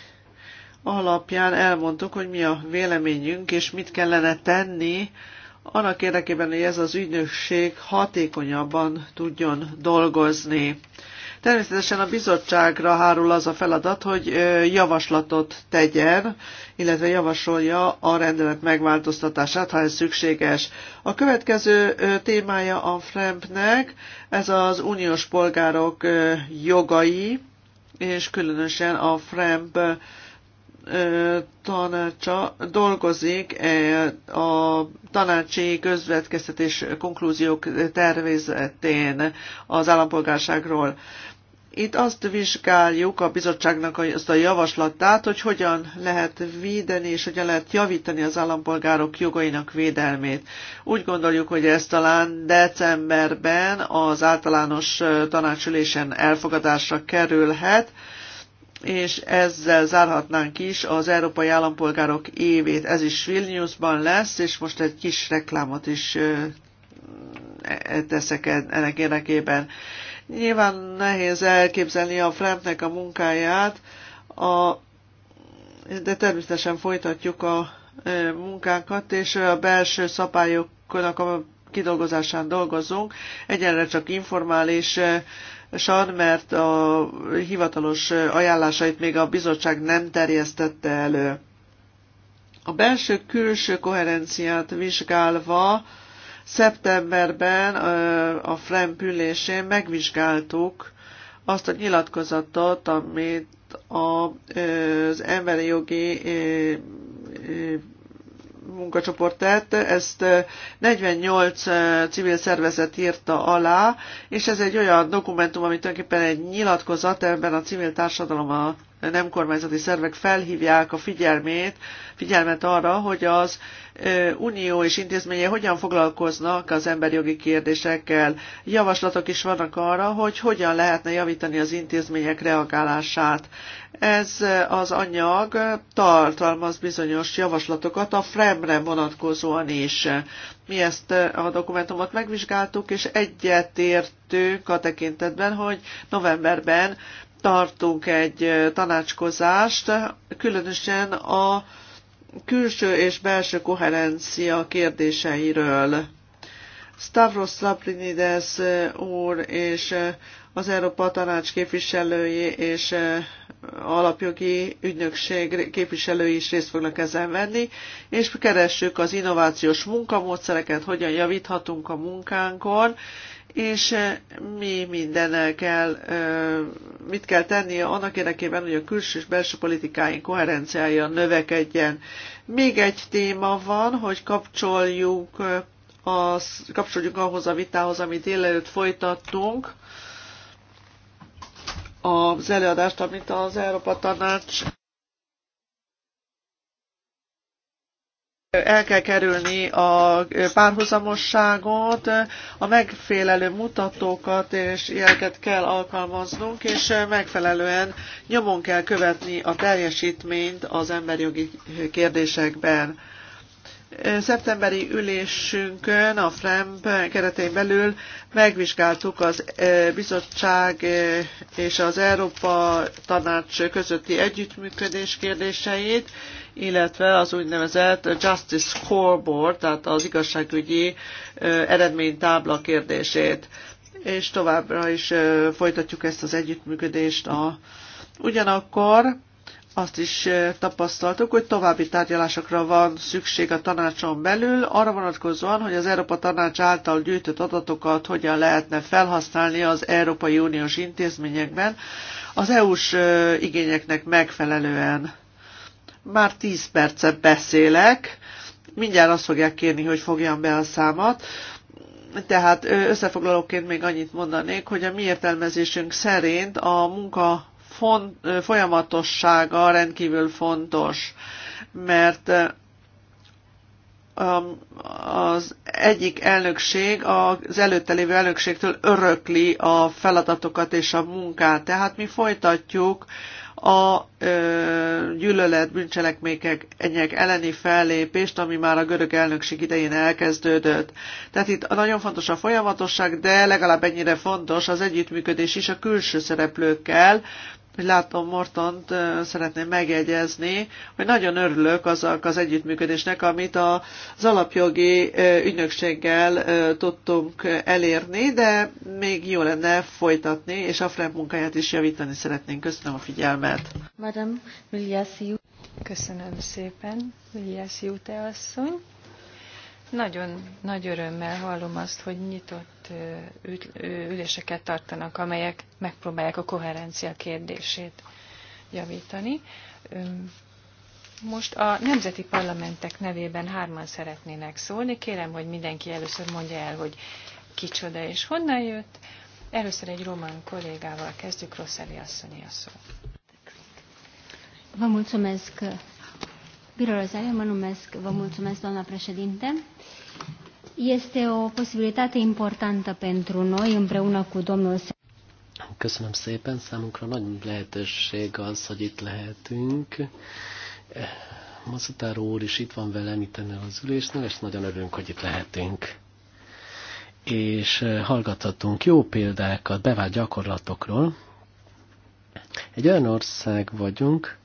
alapján elmondtuk, hogy mi a véleményünk, és mit kellene tenni, annak érdekében, hogy ez az ügynökség hatékonyabban tudjon dolgozni. Természetesen a bizottságra hárul az a feladat, hogy javaslatot tegyen, illetve javasolja a rendelet megváltoztatását, ha ez szükséges. A következő témája a fremp ez az uniós polgárok jogai, és különösen a FREMP tanácsa dolgozik a tanácsi közvetkeztetés konklúziók tervezetén az állampolgárságról. Itt azt vizsgáljuk a bizottságnak azt a javaslatát, hogy hogyan lehet védeni és hogyan lehet javítani az állampolgárok jogainak védelmét. Úgy gondoljuk, hogy ez talán decemberben az általános tanácsülésen elfogadásra kerülhet, és ezzel zárhatnánk is az Európai Állampolgárok évét. Ez is Vilniusban lesz, és most egy kis reklámot is e, teszek ennek érdekében. Nyilván nehéz elképzelni a Fremtnek a munkáját, a, de természetesen folytatjuk a munkánkat, és a belső szabályoknak a kidolgozásán dolgozunk. Egyenre csak informális San, mert a hivatalos ajánlásait még a bizottság nem terjesztette elő. A belső-külső koherenciát vizsgálva szeptemberben a FREM ülésén megvizsgáltuk azt a nyilatkozatot, amit az emberi jogi munkacsoport tett, ezt 48 civil szervezet írta alá, és ez egy olyan dokumentum, ami tulajdonképpen egy nyilatkozat, ebben a civil társadalom a nem kormányzati szervek felhívják a figyelmét, figyelmet arra, hogy az Unió és intézménye hogyan foglalkoznak az emberjogi kérdésekkel. Javaslatok is vannak arra, hogy hogyan lehetne javítani az intézmények reagálását. Ez az anyag tartalmaz bizonyos javaslatokat a fremre vonatkozóan is. Mi ezt a dokumentumot megvizsgáltuk, és egyetértünk a tekintetben, hogy novemberben tartunk egy tanácskozást, különösen a külső és belső koherencia kérdéseiről. Stavros Laprinides úr és az Európa Tanács képviselői és alapjogi ügynökség képviselői is részt fognak ezen venni, és keressük az innovációs munkamódszereket, hogyan javíthatunk a munkánkon, és eh, mi minden kell, eh, mit kell tennie annak érdekében, hogy a külső és belső politikáink koherenciája növekedjen. Még egy téma van, hogy kapcsoljuk, eh, az, kapcsoljuk ahhoz a vitához, amit délelőtt folytattunk, az előadást, amit az Európa Tanács El kell kerülni a párhuzamosságot, a megfelelő mutatókat és ilyeneket kell alkalmaznunk, és megfelelően nyomon kell követni a teljesítményt az emberjogi kérdésekben. Szeptemberi ülésünkön a FREMP keretén belül megvizsgáltuk az e, bizottság e, és az Európa Tanács közötti együttműködés kérdéseit, illetve az úgynevezett Justice Scoreboard, tehát az igazságügyi eredménytábla kérdését. És továbbra is folytatjuk ezt az együttműködést. A... Ugyanakkor azt is tapasztaltuk, hogy további tárgyalásokra van szükség a tanácson belül, arra vonatkozóan, hogy az Európa Tanács által gyűjtött adatokat hogyan lehetne felhasználni az Európai Uniós intézményekben az EU-s igényeknek megfelelően már 10 perce beszélek, mindjárt azt fogják kérni, hogy fogjam be a számat, tehát összefoglalóként még annyit mondanék, hogy a mi értelmezésünk szerint a munka font, folyamatossága rendkívül fontos, mert az egyik elnökség az előtte lévő elnökségtől örökli a feladatokat és a munkát. Tehát mi folytatjuk a ö, gyűlölet bűncselekmények elleni fellépést, ami már a görög elnökség idején elkezdődött. Tehát itt nagyon fontos a folyamatosság, de legalább ennyire fontos az együttműködés is a külső szereplőkkel, hogy látom Mortont, szeretném megegyezni, hogy nagyon örülök azok az együttműködésnek, amit az alapjogi ügynökséggel tudtunk elérni, de még jó lenne folytatni, és a FREM munkáját is javítani szeretnénk. Köszönöm a figyelmet. Madam, Köszönöm szépen, Vigyász Júte asszony. Nagyon nagy örömmel hallom azt, hogy nyitott üléseket tartanak, amelyek megpróbálják a koherencia kérdését javítani. Most a nemzeti parlamentek nevében hárman szeretnének szólni. Kérem, hogy mindenki először mondja el, hogy kicsoda és honnan jött. Először egy román kollégával kezdjük, Rosszeli asszonyi a szó. Vă mulțumesc, Birora Zaia, mă numesc, vă mulțumesc, doamna președinte. Este o posibilitate importantă pentru noi împreună cu domnul Köszönöm szépen, számunkra nagy lehetőség az, hogy itt lehetünk. Mazutár úr is itt van velem itt ennél az ülésnél, és nagyon örülünk, hogy itt lehetünk. És eh, hallgathatunk jó példákat, bevált gyakorlatokról. Egy olyan ország vagyunk,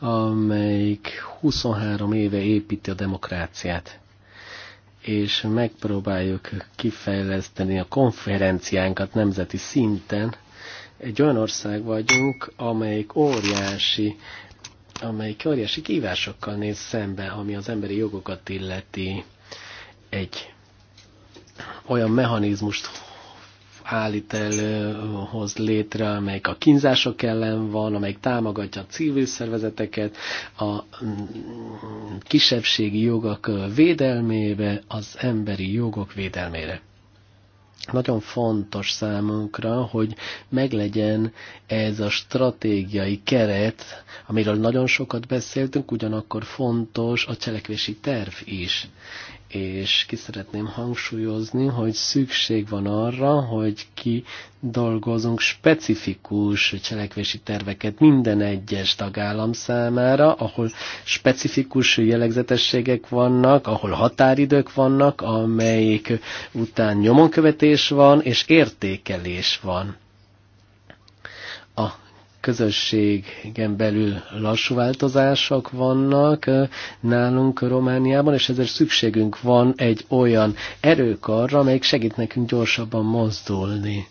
amelyik 23 éve építi a demokráciát és megpróbáljuk kifejleszteni a konferenciánkat nemzeti szinten. Egy olyan ország vagyunk, amelyik óriási amelyik óriási kívásokkal néz szembe, ami az emberi jogokat illeti. Egy olyan mechanizmust állít el, hoz létre, amelyik a kínzások ellen van, amelyik támogatja a civil szervezeteket, a kisebbségi jogok védelmébe, az emberi jogok védelmére nagyon fontos számunkra, hogy meglegyen ez a stratégiai keret, amiről nagyon sokat beszéltünk, ugyanakkor fontos a cselekvési terv is és ki szeretném hangsúlyozni, hogy szükség van arra, hogy ki dolgozunk specifikus cselekvési terveket minden egyes tagállam számára, ahol specifikus jellegzetességek vannak, ahol határidők vannak, amelyik után nyomonkövetés van és értékelés van közösségen belül lassú változások vannak nálunk Romániában, és ezért szükségünk van egy olyan erőkarra, amelyik segít nekünk gyorsabban mozdulni.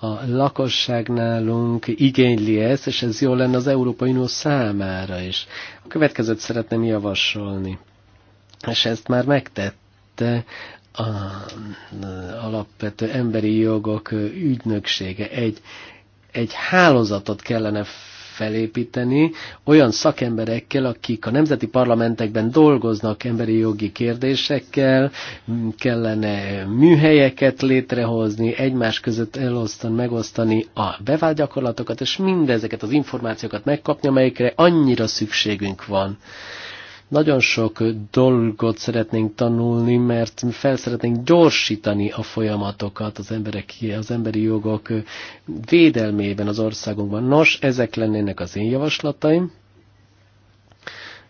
A lakosság nálunk igényli ezt, és ez jó lenne az Európai Unió számára is. A következőt szeretném javasolni, és ezt már megtette a alapvető emberi jogok ügynöksége egy egy hálózatot kellene felépíteni olyan szakemberekkel, akik a nemzeti parlamentekben dolgoznak emberi jogi kérdésekkel, kellene műhelyeket létrehozni, egymás között elosztani, megosztani a bevált gyakorlatokat, és mindezeket az információkat megkapni, amelyekre annyira szükségünk van. Nagyon sok dolgot szeretnénk tanulni, mert fel szeretnénk gyorsítani a folyamatokat az, emberek, az emberi jogok védelmében az országunkban. Nos, ezek lennének az én javaslataim.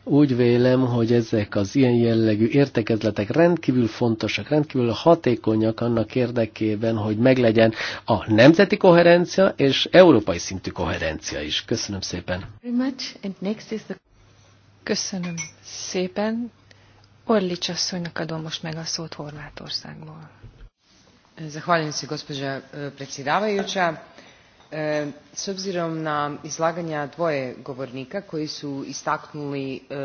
Úgy vélem, hogy ezek az ilyen jellegű értekezletek rendkívül fontosak, rendkívül hatékonyak annak érdekében, hogy meglegyen a nemzeti koherencia és európai szintű koherencia is. Köszönöm szépen. Köszönöm szépen. Orlics asszonynak adom most meg a szót Horvátországból. Zahvaljujem se, gospođa e, predsjedavajuća. E, s obzirom na izlaganja dvoje govornika koji su istaknuli... E,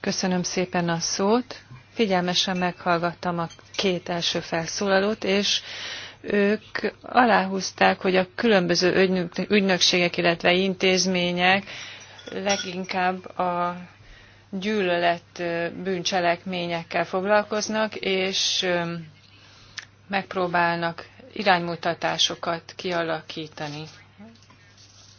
Köszönöm szépen a szót. Figyelmesen meghallgattam a két első felszólalót, és ők aláhúzták, hogy a különböző ügynökségek, illetve intézmények leginkább a gyűlölet bűncselekményekkel foglalkoznak, és megpróbálnak iránymutatásokat kialakítani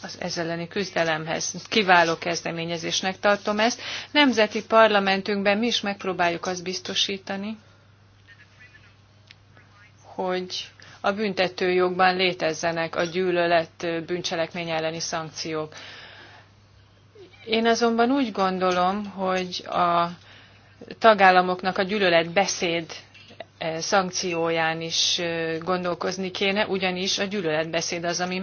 az ez elleni küzdelemhez. Kiváló kezdeményezésnek tartom ezt. Nemzeti parlamentünkben mi is megpróbáljuk azt biztosítani, hogy a büntetőjogban létezzenek a gyűlölet bűncselekmény elleni szankciók. Én azonban úgy gondolom, hogy a tagállamoknak a beszéd eh, szankcióján is eh, gondolkozni kéne, ugyanis a gyűlöletbeszéd az, ami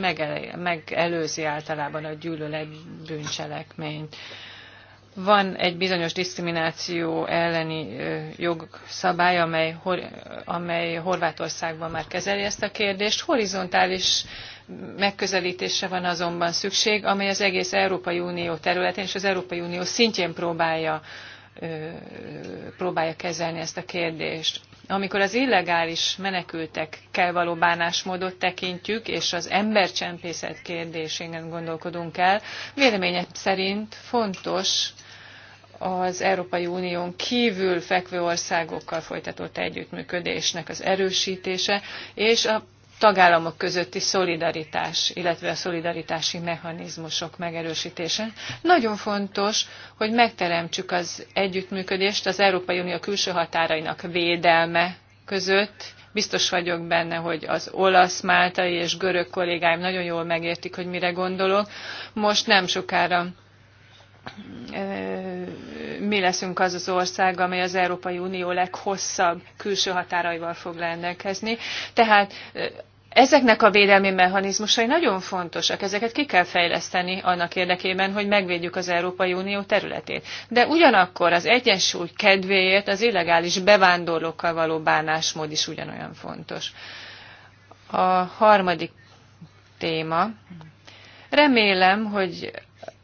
megelőzi általában a gyűlölet bűncselekményt. Van egy bizonyos diszkrimináció elleni jogszabály, amely, amely Horvátországban már kezeli ezt a kérdést. Horizontális megközelítésre van azonban szükség, amely az egész Európai Unió területén és az Európai Unió szintjén próbálja, próbálja kezelni ezt a kérdést. Amikor az illegális menekültekkel való bánásmódot tekintjük, és az embercsempészet kérdésén gondolkodunk el, véleményem szerint fontos az Európai Unión kívül fekvő országokkal folytatott együttműködésnek az erősítése, és a tagállamok közötti szolidaritás, illetve a szolidaritási mechanizmusok megerősítése. Nagyon fontos, hogy megteremtsük az együttműködést az Európai Unió külső határainak védelme között. Biztos vagyok benne, hogy az olasz, máltai és görög kollégáim nagyon jól megértik, hogy mire gondolok. Most nem sokára mi leszünk az az ország, amely az Európai Unió leghosszabb külső határaival fog rendelkezni. Tehát ezeknek a védelmi mechanizmusai nagyon fontosak, ezeket ki kell fejleszteni annak érdekében, hogy megvédjük az Európai Unió területét. De ugyanakkor az egyensúly kedvéért az illegális bevándorlókkal való bánásmód is ugyanolyan fontos. A harmadik téma. Remélem, hogy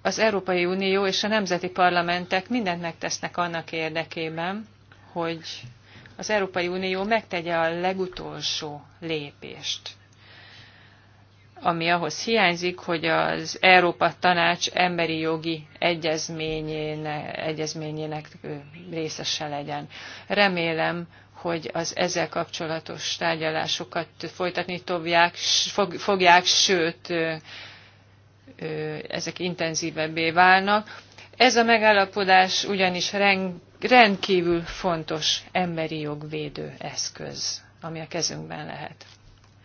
az Európai Unió és a nemzeti parlamentek mindent megtesznek annak érdekében, hogy az Európai Unió megtegye a legutolsó lépést, ami ahhoz hiányzik, hogy az Európa Tanács emberi jogi egyezményének, egyezményének részese legyen. Remélem, hogy az ezzel kapcsolatos tárgyalásokat folytatni tobják, fogják, sőt, ezek intenzívebbé válnak. Ez a megállapodás ugyanis rendkívül fontos emberi jogvédő eszköz, ami a kezünkben lehet.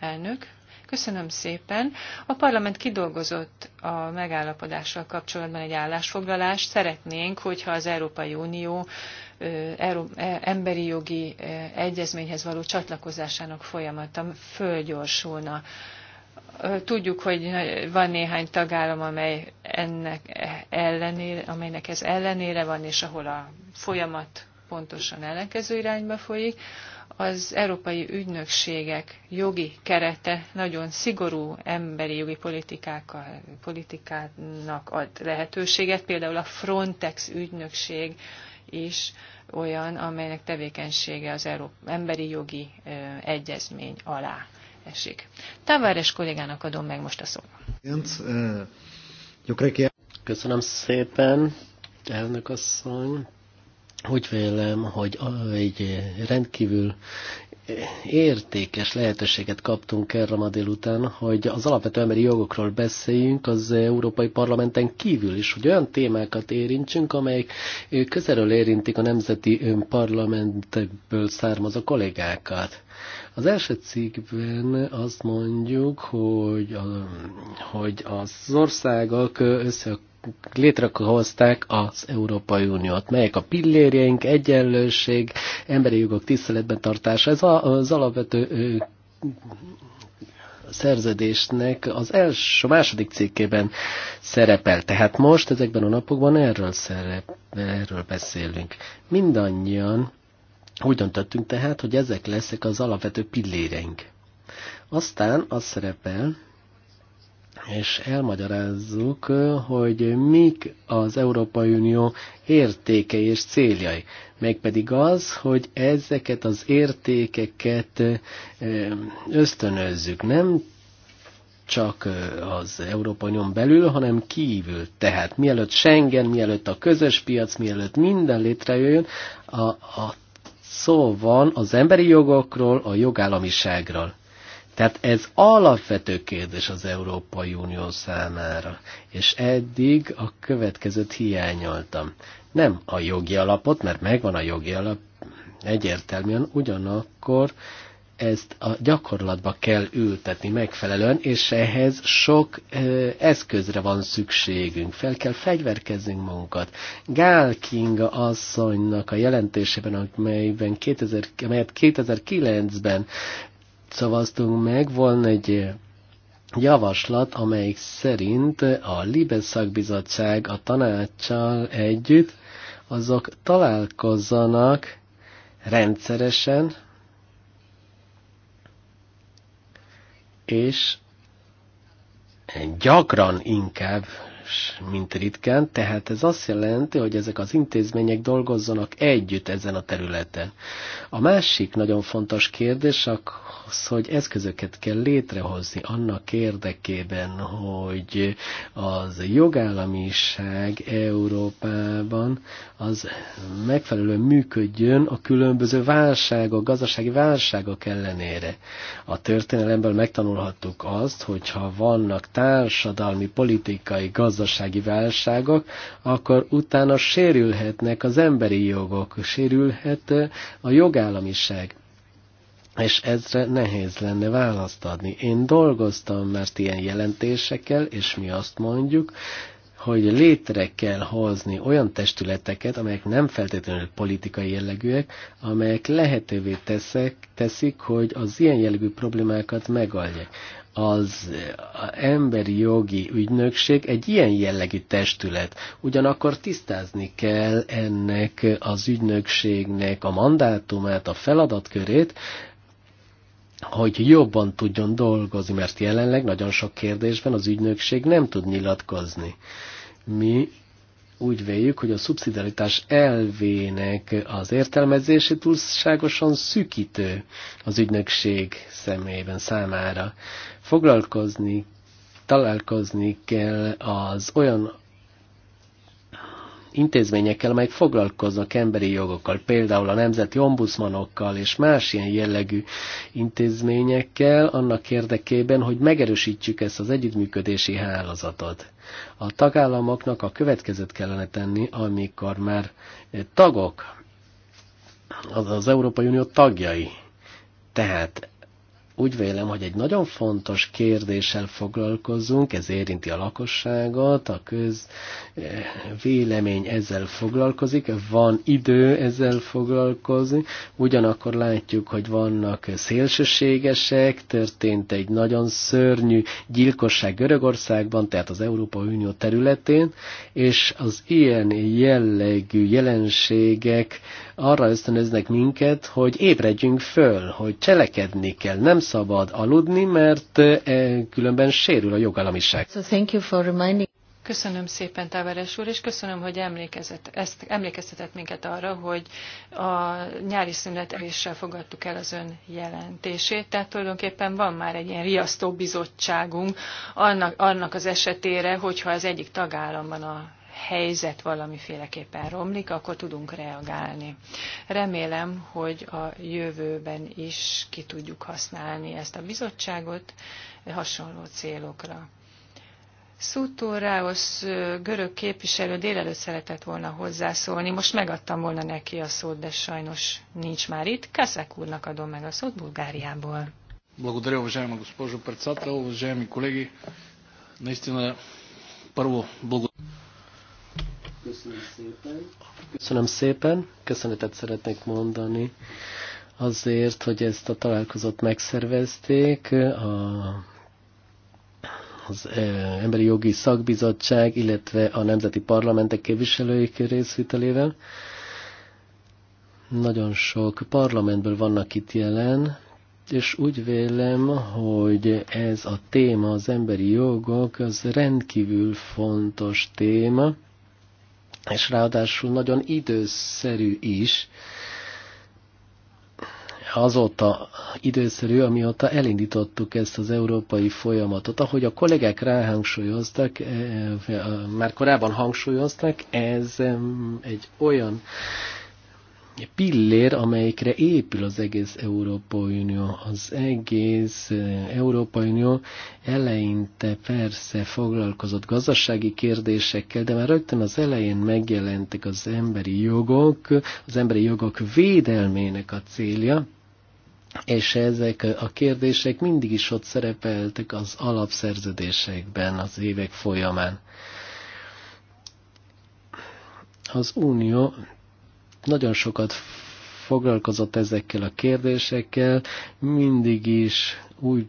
Elnök, köszönöm szépen. A parlament kidolgozott a megállapodással kapcsolatban egy állásfoglalást. Szeretnénk, hogyha az Európai Unió e, emberi jogi egyezményhez való csatlakozásának folyamata fölgyorsulna. Tudjuk, hogy van néhány tagállam, amely ennek ellenére, amelynek ez ellenére van, és ahol a folyamat pontosan ellenkező irányba folyik. Az európai ügynökségek jogi kerete nagyon szigorú emberi jogi politikának ad lehetőséget, például a Frontex ügynökség is olyan, amelynek tevékenysége az Európa, emberi jogi egyezmény alá esik. Tavares kollégának adom meg most a szót. Eh, Köszönöm szépen, elnök asszony. Úgy vélem, hogy egy rendkívül értékes lehetőséget kaptunk erre ma délután, hogy az alapvető emberi jogokról beszéljünk az Európai Parlamenten kívül is, hogy olyan témákat érintsünk, amelyek közelről érintik a nemzeti parlamentekből származó kollégákat. Az első cikkben azt mondjuk, hogy, a, hogy az országok össze létrehozták az Európai Uniót, melyek a pillérjeink, egyenlőség, emberi jogok tiszteletben tartása. Ez az alapvető szerződésnek az első, második cikkében szerepel. Tehát most ezekben a napokban erről, szerep, erről beszélünk. Mindannyian úgy döntöttünk tehát, hogy ezek leszek az alapvető pilléreink. Aztán az szerepel, és elmagyarázzuk, hogy mik az Európai Unió értékei és céljai. Mégpedig az, hogy ezeket az értékeket eh, ösztönözzük, nem csak eh, az Európai Unión belül, hanem kívül. Tehát mielőtt Schengen, mielőtt a közös piac, mielőtt minden létrejöjjön, a, a szó van az emberi jogokról, a jogállamiságról. Tehát ez alapvető kérdés az Európai Unió számára, és eddig a következőt hiányoltam. Nem a jogi alapot, mert megvan a jogi alap egyértelműen, ugyanakkor ezt a gyakorlatba kell ültetni megfelelően, és ehhez sok ö, eszközre van szükségünk. Fel kell fegyverkeznünk magunkat. Gál Kinga asszonynak a jelentésében, amelyben 2000, 2009-ben szavaztunk meg, volna egy javaslat, amelyik szerint a Libe szakbizottság a tanácssal együtt azok találkozzanak rendszeresen, és gyakran inkább, mint ritkán, tehát ez azt jelenti, hogy ezek az intézmények dolgozzanak együtt ezen a területen. A másik nagyon fontos kérdés, az, hogy eszközöket kell létrehozni annak érdekében, hogy az jogállamiság Európában az megfelelően működjön a különböző válságok, gazdasági válságok ellenére. A történelemből megtanulhattuk azt, hogy ha vannak társadalmi, politikai, gazdasági válságok, akkor utána sérülhetnek az emberi jogok, sérülhet a jogállamiság és ezre nehéz lenne választ adni. Én dolgoztam már ilyen jelentésekkel, és mi azt mondjuk, hogy létre kell hozni olyan testületeket, amelyek nem feltétlenül politikai jellegűek, amelyek lehetővé teszek, teszik, hogy az ilyen jellegű problémákat megoldják. Az emberi jogi ügynökség egy ilyen jellegű testület. Ugyanakkor tisztázni kell ennek az ügynökségnek a mandátumát, a feladatkörét, hogy jobban tudjon dolgozni, mert jelenleg nagyon sok kérdésben az ügynökség nem tud nyilatkozni. Mi úgy véljük, hogy a szubszidaritás elvének az értelmezése túlságosan szűkítő az ügynökség szemében számára. Foglalkozni, találkozni kell az olyan intézményekkel, amelyek foglalkoznak emberi jogokkal, például a nemzeti ombudsmanokkal és más ilyen jellegű intézményekkel, annak érdekében, hogy megerősítjük ezt az együttműködési hálózatot. A tagállamoknak a következőt kellene tenni, amikor már tagok, az, az Európai Unió tagjai. Tehát úgy vélem, hogy egy nagyon fontos kérdéssel foglalkozunk, ez érinti a lakosságot, a köz eh, vélemény ezzel foglalkozik, van idő ezzel foglalkozni, ugyanakkor látjuk, hogy vannak szélsőségesek, történt egy nagyon szörnyű gyilkosság Görögországban, tehát az Európa Unió területén, és az ilyen jellegű jelenségek arra ösztönöznek minket, hogy ébredjünk föl, hogy cselekedni kell, nem szabad aludni, mert e, különben sérül a jogállamiság. So thank you for reminding... Köszönöm szépen, Táveres úr, és köszönöm, hogy emlékezett, ezt, emlékeztetett minket arra, hogy a nyári szüneteléssel fogadtuk el az ön jelentését. Tehát tulajdonképpen van már egy ilyen riasztó bizottságunk annak, annak az esetére, hogyha az egyik tagállamban a helyzet valamiféleképpen romlik, akkor tudunk reagálni. Remélem, hogy a jövőben is ki tudjuk használni ezt a bizottságot hasonló célokra. Szútó Ráosz görög képviselő délelőtt szeretett volna hozzászólni, most megadtam volna neki a szót, de sajnos nincs már itt. Kaszek úrnak adom meg a szót Bulgáriából. Благодаря, уважаема госпожо председател, уважаеми колеги. Наистина, първо, благодаря. Köszönöm szépen. Köszönöm szépen. Köszönetet szeretnék mondani azért, hogy ezt a találkozót megszervezték. A az e, Emberi Jogi Szakbizottság, illetve a Nemzeti Parlamentek képviselőik részvételével. Nagyon sok parlamentből vannak itt jelen, és úgy vélem, hogy ez a téma, az emberi jogok, az rendkívül fontos téma, és ráadásul nagyon időszerű is, azóta időszerű, amióta elindítottuk ezt az európai folyamatot. Ahogy a kollégák ráhangsúlyoztak, eh, eh, már korábban hangsúlyoztak, ez egy olyan pillér, amelyikre épül az egész Európai Unió. Az egész eh, Európai Unió eleinte persze foglalkozott gazdasági kérdésekkel, de már rögtön az elején megjelentek az emberi jogok, az emberi jogok védelmének a célja, és ezek eh, a kérdések mindig is ott szerepeltek az alapszerződésekben az évek folyamán. Az Unió nagyon sokat foglalkozott ezekkel a kérdésekkel, mindig is úgy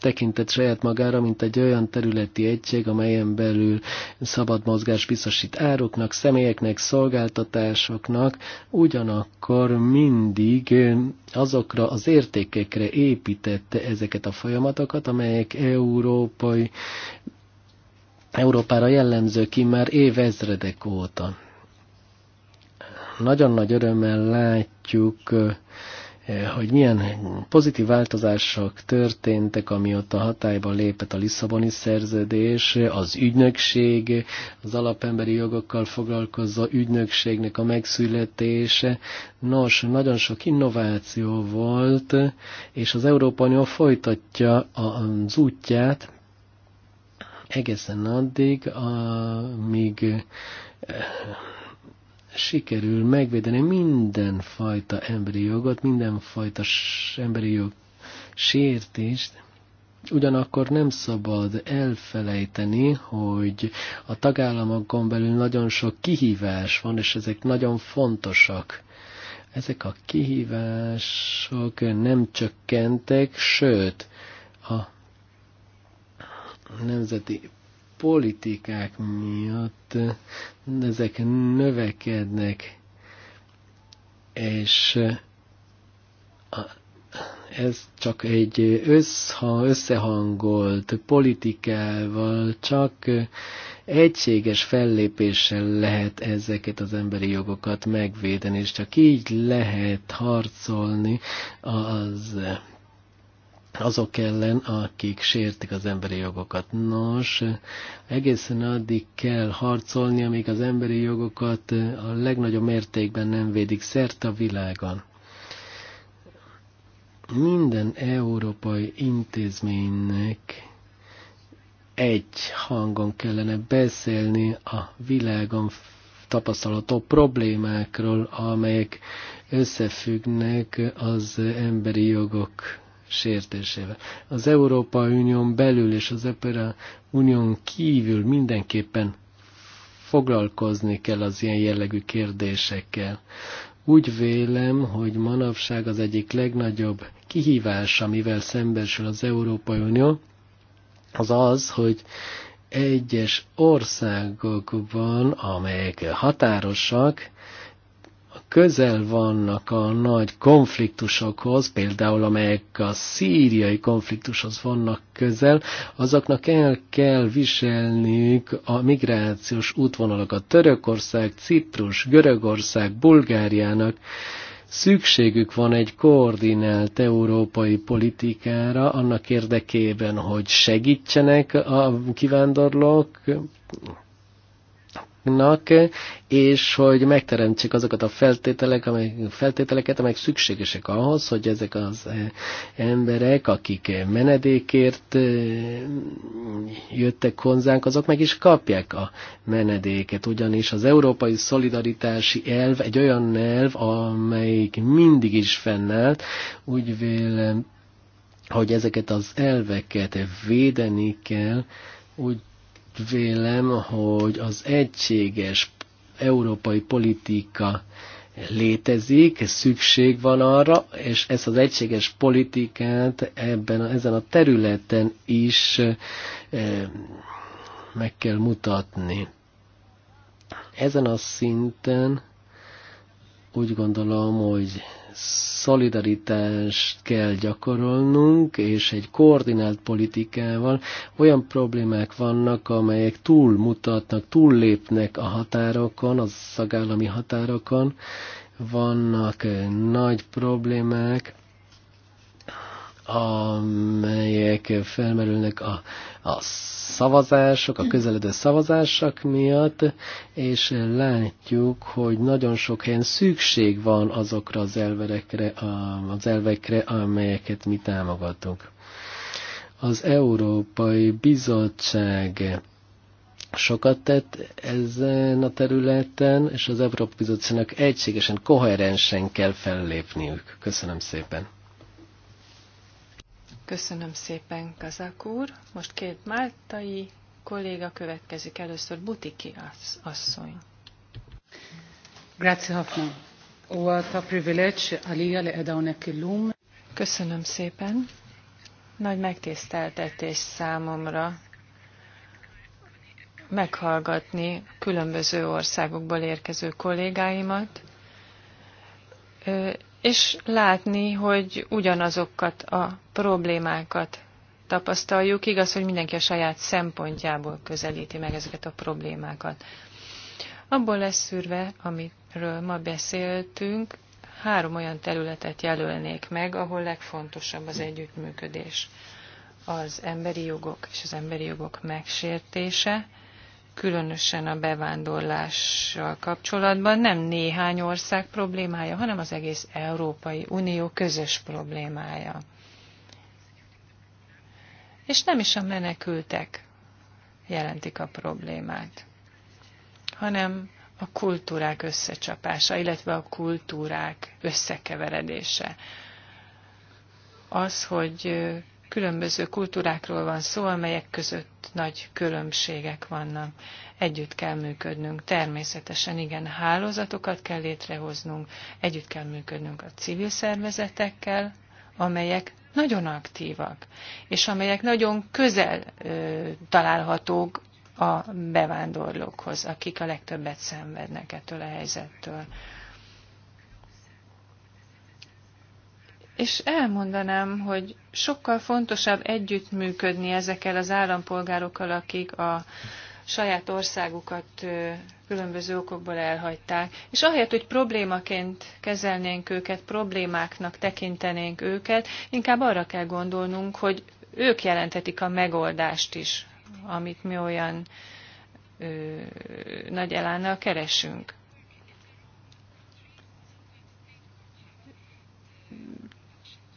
tekintett saját magára, mint egy olyan területi egység, amelyen belül szabad mozgás biztosít áruknak, személyeknek, szolgáltatásoknak, ugyanakkor mindig azokra az értékekre építette ezeket a folyamatokat, amelyek európai Európára jellemző ki már évezredek óta. Nagyon nagy örömmel látjuk, hogy milyen pozitív változások történtek, amióta hatályba lépett a Lisszaboni szerződés, az ügynökség, az alapemberi jogokkal foglalkozó ügynökségnek a megszületése. Nos, nagyon sok innováció volt, és az Európa Unió folytatja az útját egészen addig, amíg sikerül megvédeni mindenfajta emberi jogot, mindenfajta emberi jog sértést, ugyanakkor nem szabad elfelejteni, hogy a tagállamokon belül nagyon sok kihívás van, és ezek nagyon fontosak. Ezek a kihívások nem csökkentek, sőt, a nemzeti politikák miatt ezek növekednek, és ez csak egy összehangolt politikával, csak egységes fellépéssel lehet ezeket az emberi jogokat megvédeni, és csak így lehet harcolni az azok ellen, akik sértik az emberi jogokat. Nos, egészen addig kell harcolni, amíg az emberi jogokat a legnagyobb mértékben nem védik szerte a világon. Minden európai intézménynek egy hangon kellene beszélni a világon tapasztalható problémákról, amelyek összefüggnek az emberi jogok sértésével. Az Európa Unión belül és az Európa Unión kívül mindenképpen foglalkozni kell az ilyen jellegű kérdésekkel. Úgy vélem, hogy manapság az egyik legnagyobb kihívás, amivel szembesül az Európai Unió, az az, hogy egyes országokban, amelyek határosak, közel vannak a nagy konfliktusokhoz, például amelyek a szíriai konfliktushoz vannak közel, azoknak el kell viselniük a migrációs útvonalakat. Törökország, Ciprus, Görögország, Bulgáriának szükségük van egy koordinált európai politikára annak érdekében, hogy segítsenek a kivándorlók, nak, és hogy megteremtsük azokat a feltételek, amely, feltételeket, amelyek szükségesek ahhoz, hogy ezek az eh, emberek, akik menedékért eh, jöttek hozzánk, azok meg is kapják a menedéket, ugyanis az európai szolidaritási elv egy olyan elv, amelyik mindig is fennállt, úgy vélem, hogy ezeket az elveket védeni kell, úgy vélem, hogy az egységes európai politika létezik, szükség van arra, és ezt az egységes politikát ebben, ezen a területen is eh, meg kell mutatni. Ezen a szinten úgy gondolom, hogy szolidaritást kell gyakorolnunk, és egy koordinált politikával olyan problémák vannak, amelyek túlmutatnak, túllépnek a határokon, az szagállami határokon, vannak nagy problémák, amelyek felmerülnek a a szavazások, a közeledő szavazások miatt, és látjuk, hogy nagyon sok helyen szükség van azokra az, elverekre, az elvekre, amelyeket mi támogatunk. Az Európai Bizottság sokat tett ezen a területen, és az Európai Bizottságnak egységesen, koherensen kell fellépniük. Köszönöm szépen! Köszönöm szépen, Kazak úr. Most két máltai kolléga következik először, Butiki asszony. Grazie Hoffman. Volt a privilege, Alia leedáunek illum. Köszönöm szépen. Nagy megtiszteltetés számomra meghallgatni különböző országokból érkező kollégáimat és látni, hogy ugyanazokat a problémákat tapasztaljuk. Igaz, hogy mindenki a saját szempontjából közelíti meg ezeket a problémákat. Abból lesz szűrve, amiről ma beszéltünk, három olyan területet jelölnék meg, ahol legfontosabb az együttműködés. Az emberi jogok és az emberi jogok megsértése, különösen a bevándorlással kapcsolatban nem néhány ország problémája, hanem az egész Európai Unió közös problémája. És nem is a menekültek jelentik a problémát, hanem a kultúrák összecsapása, illetve a kultúrák összekeveredése. Az, hogy Különböző kultúrákról van szó, amelyek között nagy különbségek vannak. Együtt kell működnünk. Természetesen igen, hálózatokat kell létrehoznunk, együtt kell működnünk a civil szervezetekkel, amelyek nagyon aktívak, és amelyek nagyon közel ö, találhatók a bevándorlókhoz, akik a legtöbbet szenvednek ettől a helyzettől. és elmondanám, hogy sokkal fontosabb együttműködni ezekkel az állampolgárokkal, akik a saját országukat különböző okokból elhagyták. És ahelyett, hogy problémaként kezelnénk őket, problémáknak tekintenénk őket, inkább arra kell gondolnunk, hogy ők jelentetik a megoldást is, amit mi olyan ö, nagy elánnal keresünk.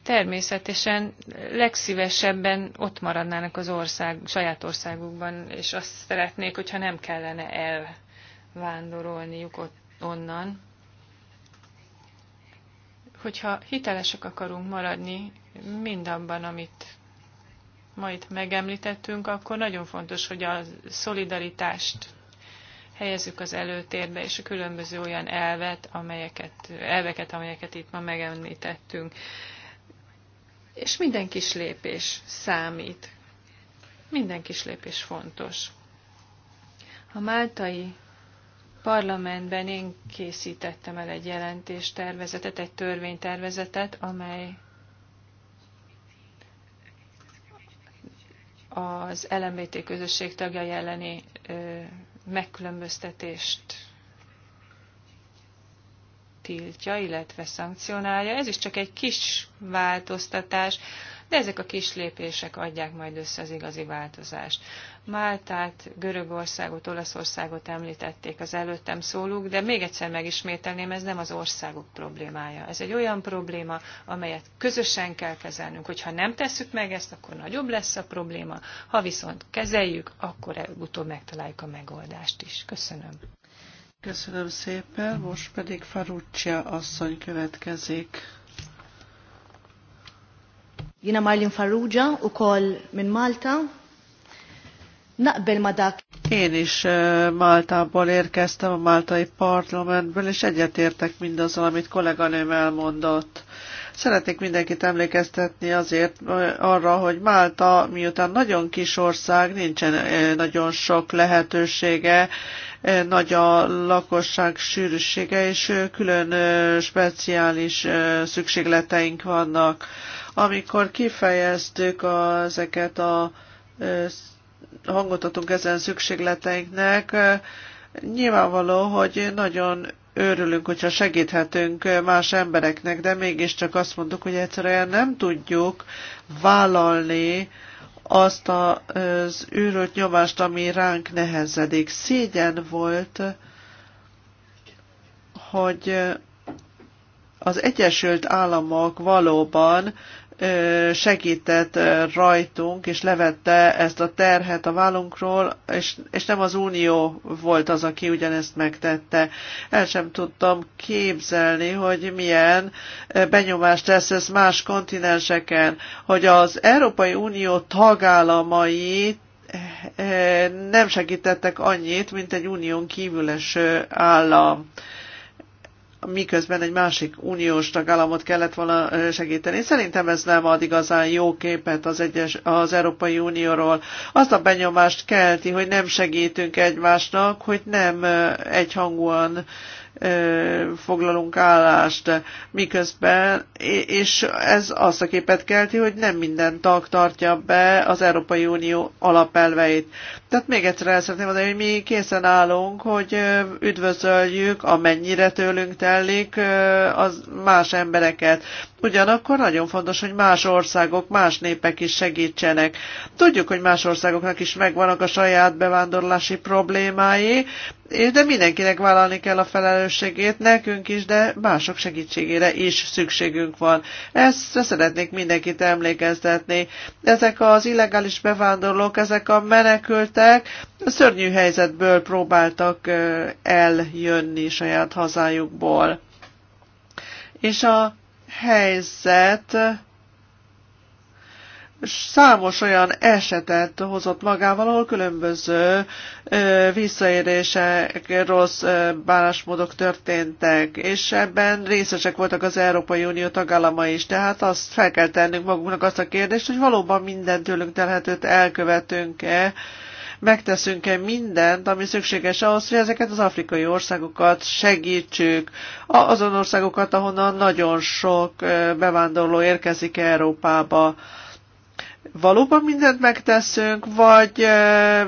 természetesen legszívesebben ott maradnának az ország, saját országukban, és azt szeretnék, hogyha nem kellene elvándorolniuk ott, onnan. Hogyha hitelesek akarunk maradni mindabban, amit ma itt megemlítettünk, akkor nagyon fontos, hogy a szolidaritást helyezzük az előtérbe, és a különböző olyan elvet, amelyeket, elveket, amelyeket itt ma megemlítettünk és minden kis lépés számít. Minden kis lépés fontos. A máltai parlamentben én készítettem el egy jelentéstervezetet, egy törvénytervezetet, amely az LMBT közösség tagja elleni megkülönböztetést tiltja, illetve szankcionálja. Ez is csak egy kis változtatás, de ezek a kis lépések adják majd össze az igazi változást. Máltát, Görögországot, Olaszországot említették az előttem szólók, de még egyszer megismételném, ez nem az országok problémája. Ez egy olyan probléma, amelyet közösen kell kezelnünk. Hogyha nem tesszük meg ezt, akkor nagyobb lesz a probléma. Ha viszont kezeljük, akkor utóbb megtaláljuk a megoldást is. Köszönöm. Köszönöm szépen, most pedig Faruccia asszony következik. Jina Marlin Farrugia, ukol min Malta. Naqbel ma Én is Maltából érkeztem, a maltai Parlamentből, és egyetértek mindazzal, amit kolléganőm elmondott. Szeretnék mindenkit emlékeztetni azért arra, hogy Málta, miután nagyon kis ország, nincsen nagyon sok lehetősége nagy a lakosság sűrűsége, és külön speciális szükségleteink vannak. Amikor kifejeztük a, ezeket a hangot adunk ezen szükségleteinknek, nyilvánvaló, hogy nagyon örülünk, hogyha segíthetünk más embereknek, de mégiscsak azt mondtuk, hogy egyszerűen nem tudjuk vállalni, azt az őrölt nyomást, ami ránk nehezedik. Szégyen volt, hogy az Egyesült Államok valóban segített rajtunk, és levette ezt a terhet a vállunkról, és, és nem az Unió volt az, aki ugyanezt megtette. El sem tudtam képzelni, hogy milyen benyomást tesz ez más kontinenseken, hogy az Európai Unió tagállamai nem segítettek annyit, mint egy unión kívüles állam miközben egy másik uniós tagállamot kellett volna segíteni. Szerintem ez nem ad igazán jó képet az, egyes, az Európai Unióról. Azt a benyomást kelti, hogy nem segítünk egymásnak, hogy nem egyhangúan foglalunk állást miközben, és ez azt a képet kelti, hogy nem minden tag tartja be az Európai Unió alapelveit. Tehát még egyszer el szeretném mondani, hogy mi készen állunk, hogy üdvözöljük, amennyire tőlünk telik az más embereket. Ugyanakkor nagyon fontos, hogy más országok, más népek is segítsenek. Tudjuk, hogy más országoknak is megvannak a saját bevándorlási problémái, de mindenkinek vállalni kell a felelősségét, nekünk is, de mások segítségére is szükségünk van. Ezt szeretnék mindenkit emlékeztetni. Ezek az illegális bevándorlók, ezek a menekültek, a szörnyű helyzetből próbáltak eljönni saját hazájukból. És a helyzet számos olyan esetet hozott magával, ahol különböző visszaérések, rossz bánásmódok történtek, és ebben részesek voltak az Európai Unió tagállamai is, tehát azt fel kell tennünk magunknak azt a kérdést, hogy valóban minden tőlünk telhetőt elkövetünk-e, megteszünk-e mindent, ami szükséges ahhoz, hogy ezeket az afrikai országokat segítsük, azon országokat, ahonnan nagyon sok bevándorló érkezik Európába. Valóban mindent megteszünk, vagy ö,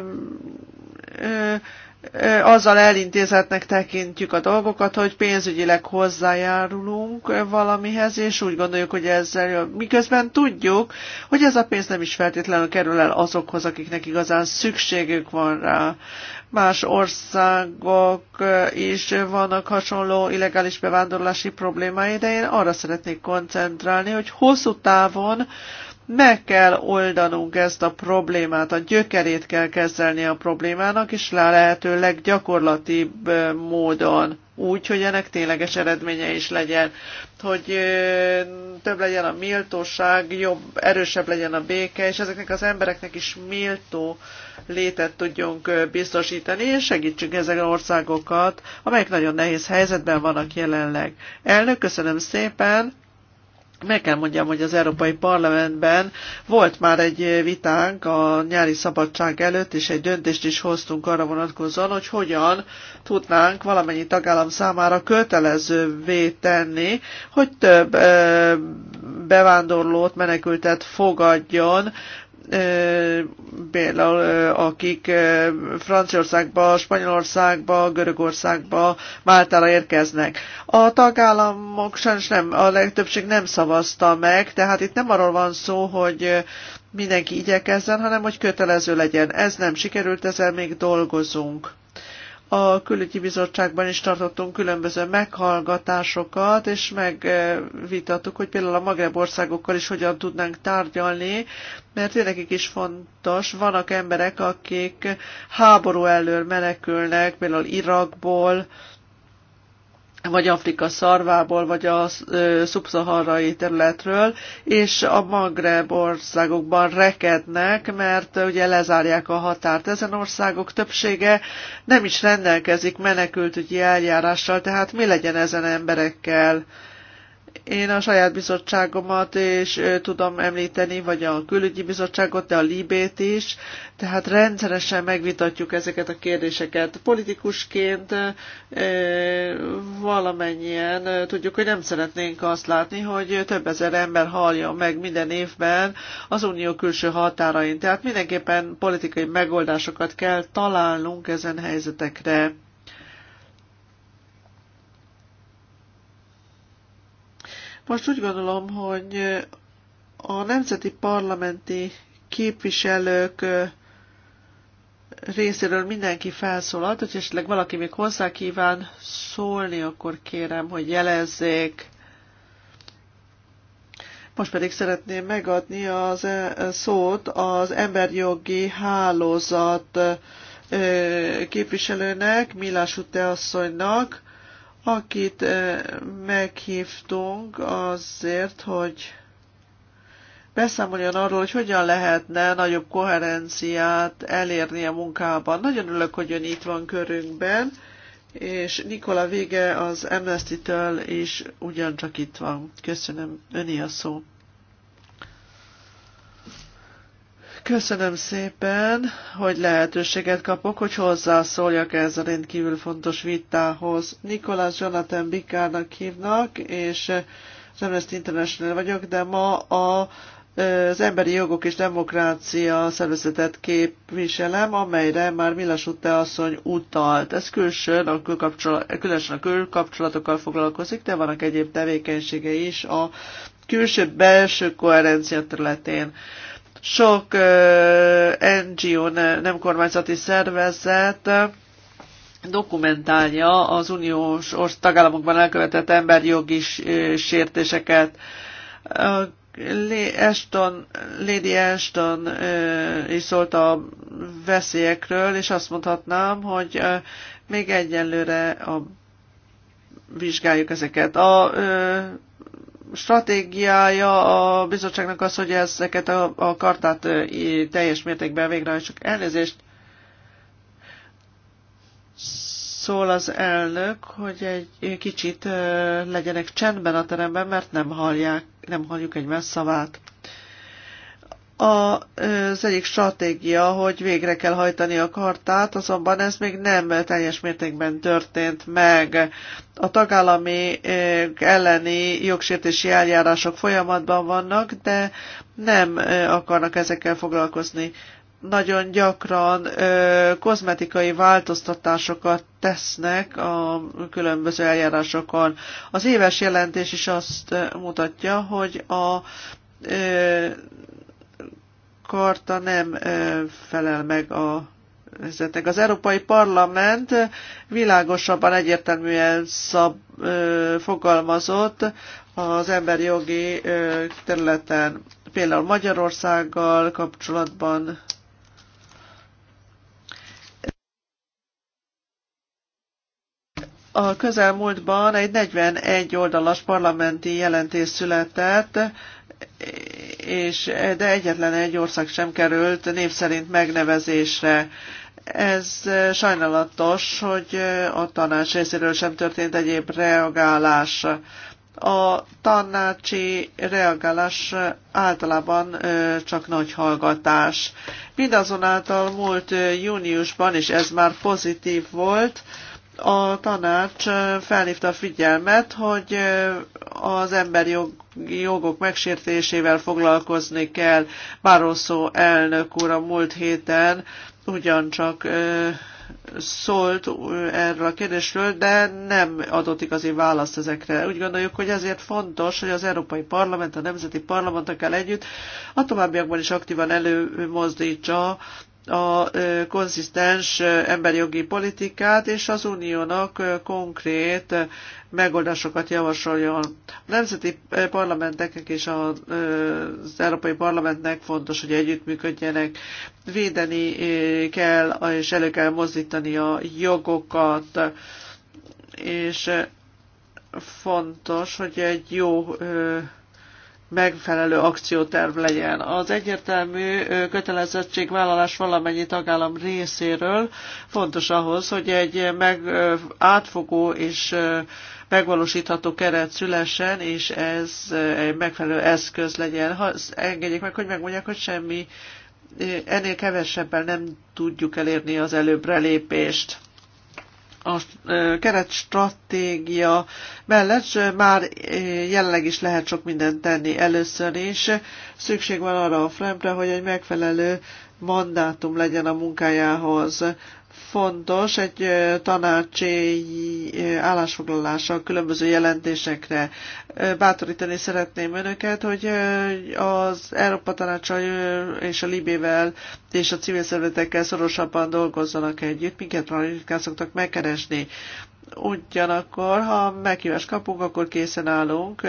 ö, azzal elintézetnek tekintjük a dolgokat, hogy pénzügyileg hozzájárulunk valamihez, és úgy gondoljuk, hogy ezzel miközben tudjuk, hogy ez a pénz nem is feltétlenül kerül el azokhoz, akiknek igazán szükségük van rá. Más országok is vannak hasonló illegális bevándorlási problémái, de én arra szeretnék koncentrálni, hogy hosszú távon meg kell oldanunk ezt a problémát, a gyökerét kell kezelni a problémának, és le lehető leggyakorlatibb módon, úgy, hogy ennek tényleges eredménye is legyen, hogy több legyen a méltóság, jobb, erősebb legyen a béke, és ezeknek az embereknek is méltó létet tudjunk biztosítani, és segítsünk ezek az országokat, amelyek nagyon nehéz helyzetben vannak jelenleg. Elnök, köszönöm szépen! meg kell mondjam, hogy az Európai Parlamentben volt már egy vitánk a nyári szabadság előtt, és egy döntést is hoztunk arra vonatkozóan, hogy hogyan tudnánk valamennyi tagállam számára kötelezővé tenni, hogy több bevándorlót, menekültet fogadjon, például akik Franciaországba, Spanyolországba, Görögországba, Máltára érkeznek. A tagállamok sajnos nem, a legtöbbség nem szavazta meg, tehát itt nem arról van szó, hogy mindenki igyekezzen, hanem hogy kötelező legyen. Ez nem sikerült, ezzel még dolgozunk a külügyi bizottságban is tartottunk különböző meghallgatásokat, és megvitattuk, hogy például a Magreb országokkal is hogyan tudnánk tárgyalni, mert nekik is fontos, vannak emberek, akik háború elől menekülnek, például Irakból, vagy Afrika szarvából, vagy a szubszaharai területről, és a Magreb országokban rekednek, mert ugye lezárják a határt. Ezen országok többsége nem is rendelkezik menekültügyi eljárással, tehát mi legyen ezen emberekkel? Én a saját bizottságomat is tudom említeni, vagy a külügyi bizottságot, de a Libét is. Tehát rendszeresen megvitatjuk ezeket a kérdéseket. Politikusként valamennyien tudjuk, hogy nem szeretnénk azt látni, hogy több ezer ember halja meg minden évben az unió külső határain. Tehát mindenképpen politikai megoldásokat kell találnunk ezen helyzetekre. Most úgy gondolom, hogy a nemzeti parlamenti képviselők részéről mindenki felszólalt, hogy esetleg valaki még hozzá kíván szólni, akkor kérem, hogy jelezzék. Most pedig szeretném megadni az szót az emberjogi hálózat képviselőnek, Milás Ute asszonynak, akit meghívtunk azért, hogy beszámoljon arról, hogy hogyan lehetne nagyobb koherenciát elérni a munkában. Nagyon örülök, hogy ön itt van körünkben, és Nikola Vége az Amnesty-től is ugyancsak itt van. Köszönöm, öni a szó. Köszönöm szépen, hogy lehetőséget kapok, hogy hozzászóljak ez a rendkívül fontos vitához. Nikolás Jonathan Bikárnak hívnak, és nem ezt International vagyok, de ma a az Emberi Jogok és Demokrácia szervezetet képviselem, amelyre már Milas Utte asszony utalt. Ez külsőn a különösen a külkapcsolatokkal foglalkozik, de vannak egyéb tevékenysége is a külső-belső koherencia területén. Sok NGO, nem kormányzati szervezet dokumentálja az uniós tagállamokban elkövetett emberjogi sértéseket. Ashton, Lady Ashton is szólt a veszélyekről, és azt mondhatnám, hogy még egyenlőre a, vizsgáljuk ezeket. A stratégiája a bizottságnak az, hogy ezeket a, a kartát teljes mértékben végrehajtsuk. Elnézést szól az elnök, hogy egy kicsit legyenek csendben a teremben, mert nem hallják, nem halljuk egymás szavát az egyik stratégia, hogy végre kell hajtani a kartát, azonban ez még nem teljes mértékben történt meg. A tagállami elleni jogsértési eljárások folyamatban vannak, de nem akarnak ezekkel foglalkozni. Nagyon gyakran ö, kozmetikai változtatásokat tesznek a különböző eljárásokon. Az éves jelentés is azt mutatja, hogy a ö, karta nem felel meg a helyzetnek. Az Európai Parlament világosabban, egyértelműen szab, fogalmazott az emberi jogi területen, például Magyarországgal kapcsolatban a közelmúltban egy 41 oldalas parlamenti jelentés született és, de egyetlen egy ország sem került név szerint megnevezésre. Ez eh, sajnálatos, hogy eh, a tanács részéről sem történt egyéb reagálás. A tanácsi reagálás eh, általában csak nagy hallgatás. Mindazonáltal múlt júniusban, és ez már pozitív volt, a tanács felhívta a figyelmet, hogy az emberi jogok megsértésével foglalkozni kell. Barroso elnök úr a múlt héten ugyancsak szólt erről a kérdésről, de nem adott igazi választ ezekre. Úgy gondoljuk, hogy ezért fontos, hogy az Európai Parlament, a Nemzeti Parlamentekkel együtt a továbbiakban is aktívan előmozdítsa a konzisztens emberjogi politikát, és az uniónak konkrét megoldásokat javasoljon. A nemzeti parlamenteknek és az Európai Parlamentnek fontos, hogy együttműködjenek. Védeni kell és elő kell mozdítani a jogokat, és fontos, hogy egy jó megfelelő akcióterv legyen. Az egyértelmű kötelezettségvállalás valamennyi tagállam részéről fontos ahhoz, hogy egy meg, átfogó és megvalósítható keret szülessen, és ez egy megfelelő eszköz legyen. Ha engedjék meg, hogy megmondják, hogy semmi ennél kevesebben nem tudjuk elérni az előbbre lépést a keretstratégia mellett már jelenleg is lehet sok mindent tenni először is. Szükség van arra a fremre, hogy egy megfelelő mandátum legyen a munkájához fontos egy tanácsi állásfoglalása a különböző jelentésekre. Bátorítani szeretném önöket, hogy az Európa Tanácsa és a Libével és a civil szervezetekkel szorosabban dolgozzanak együtt, minket már szoktak megkeresni. Ugyanakkor, ha meghívást kapunk, akkor készen állunk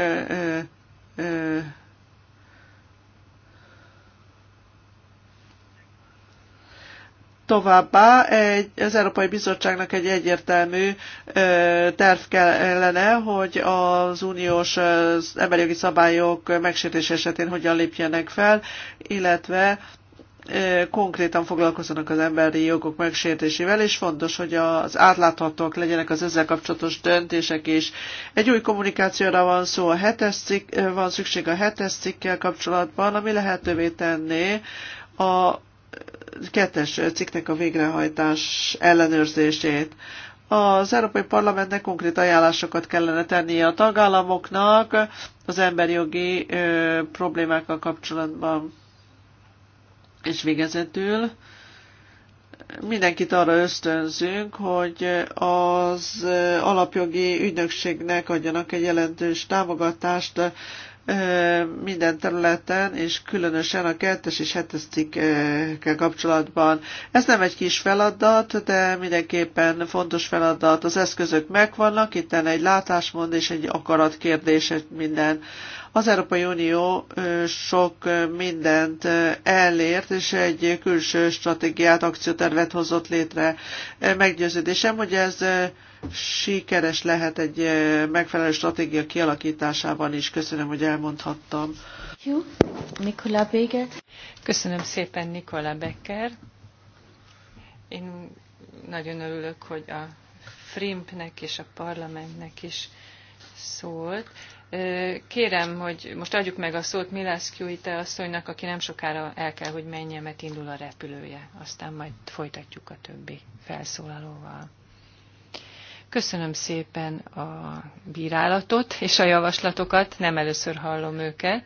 Továbbá egy, az Európai Bizottságnak egy egyértelmű ö, terv kellene, hogy az uniós az emberi jogi szabályok megsértés esetén hogyan lépjenek fel, illetve konkrétan foglalkozzanak az emberi jogok megsértésével, és fontos, hogy az átláthatók legyenek az ezzel kapcsolatos döntések is. Egy új kommunikációra van szó, a hetes cikk, van szükség a hetes cikkkel kapcsolatban, ami lehetővé tenné a kettes cikknek a végrehajtás ellenőrzését. Az Európai Parlamentnek konkrét ajánlásokat kellene tennie a tagállamoknak az emberi jogi ö, problémákkal kapcsolatban. És végezetül mindenkit arra ösztönzünk, hogy az alapjogi ügynökségnek adjanak egy jelentős támogatást minden területen, és különösen a kettes és hetes es cikkkel kapcsolatban. Ez nem egy kis feladat, de mindenképpen fontos feladat. Az eszközök megvannak, itt egy látásmond és egy akarat kérdése minden. Az Európai Unió sok mindent elért, és egy külső stratégiát, akciótervet hozott létre. Meggyőződésem, hogy ez sikeres lehet egy eh, megfelelő stratégia kialakításában is. Köszönöm, hogy elmondhattam. Jó, Nikola Béget. Köszönöm szépen, Nikola Becker. Én nagyon örülök, hogy a Frimpnek és a parlamentnek is szólt. Eh, kérem, hogy most adjuk meg a szót Milász Kjújte asszonynak, aki nem sokára el kell, hogy menjen, mert indul a repülője. Aztán majd folytatjuk a többi felszólalóval. Köszönöm szépen a bírálatot és a javaslatokat, nem először hallom őket.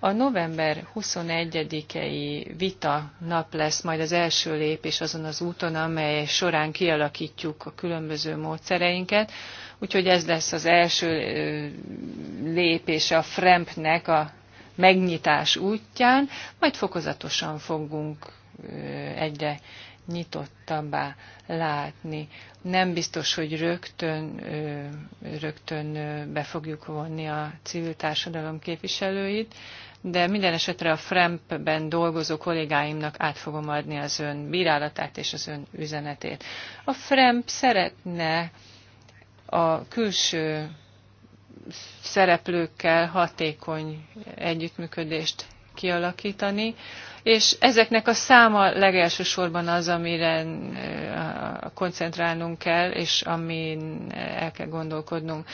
A november 21-i vita nap lesz majd az első lépés azon az úton, amely során kialakítjuk a különböző módszereinket, úgyhogy ez lesz az első lépés a Frempnek a megnyitás útján, majd fokozatosan fogunk egyre nyitottabbá látni. Nem biztos, hogy rögtön, rögtön be fogjuk vonni a civil társadalom képviselőit, de minden esetre a FREMP-ben dolgozó kollégáimnak át fogom adni az ön bírálatát és az ön üzenetét. A FREMP szeretne a külső szereplőkkel hatékony együttműködést kialakítani és ezeknek a száma legelsősorban az, amire eh, koncentrálnunk kell, és amin el kell gondolkodnunk.